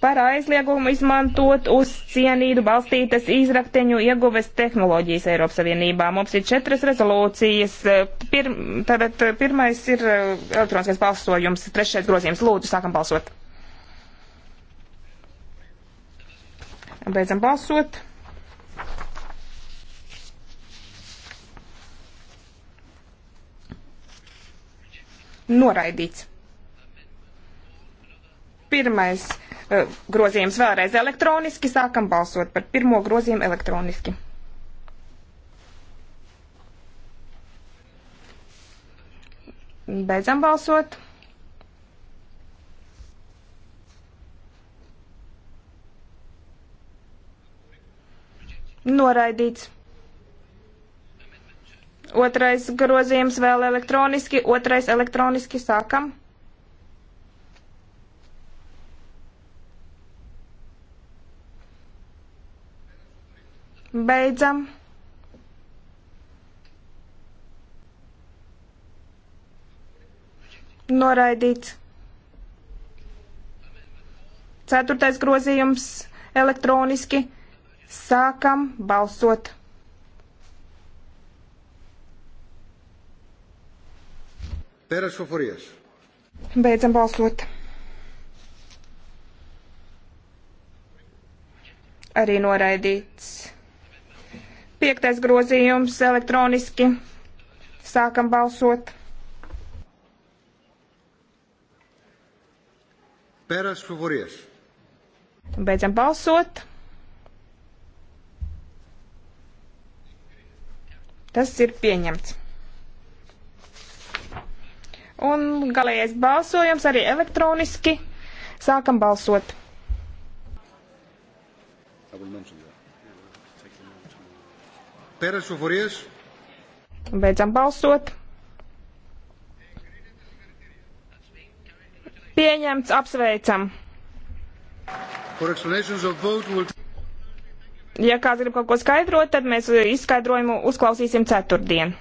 par aizliegumu izmantot uz cienīdu balstītas izrakteņu ieguves tehnoloģijas Eiropas Savienībā. Mums ir četras rezolūcijas. Pirm, tātad eh, pirmais ir eh, elektroniskais balsojums, trešais grozījums. Lūdzu, sākam balsot. Beidzam balsot. Noraidīts. Pirmais eh, grozījums vēlreiz elektroniski. Sākam balsot par pirmo grozījumu elektroniski. Beidzam balsot. Noraidīts. Otrais grozījums vēl elektroniski, otrais elektroniski sākam. Beidzam. Noraidīts. Ceturtais grozījums elektroniski. Sākam balsot. Pēras Foforijas. Beidzam balsot. Arī noraidīts. Piektais grozījums elektroniski. Sākam balsot. Pēras favorijas. Beidzam balsot. Tas ir pieņemts. Un galējais balsojums arī elektroniski. Sākam balsot. I will mention that. Pēras ufuries. Beidzam balsot. Pieņemts, apsveicam. Ja kāds grib kaut ko skaidrot, tad mēs izskaidrojumu uzklausīsim ceturtdien.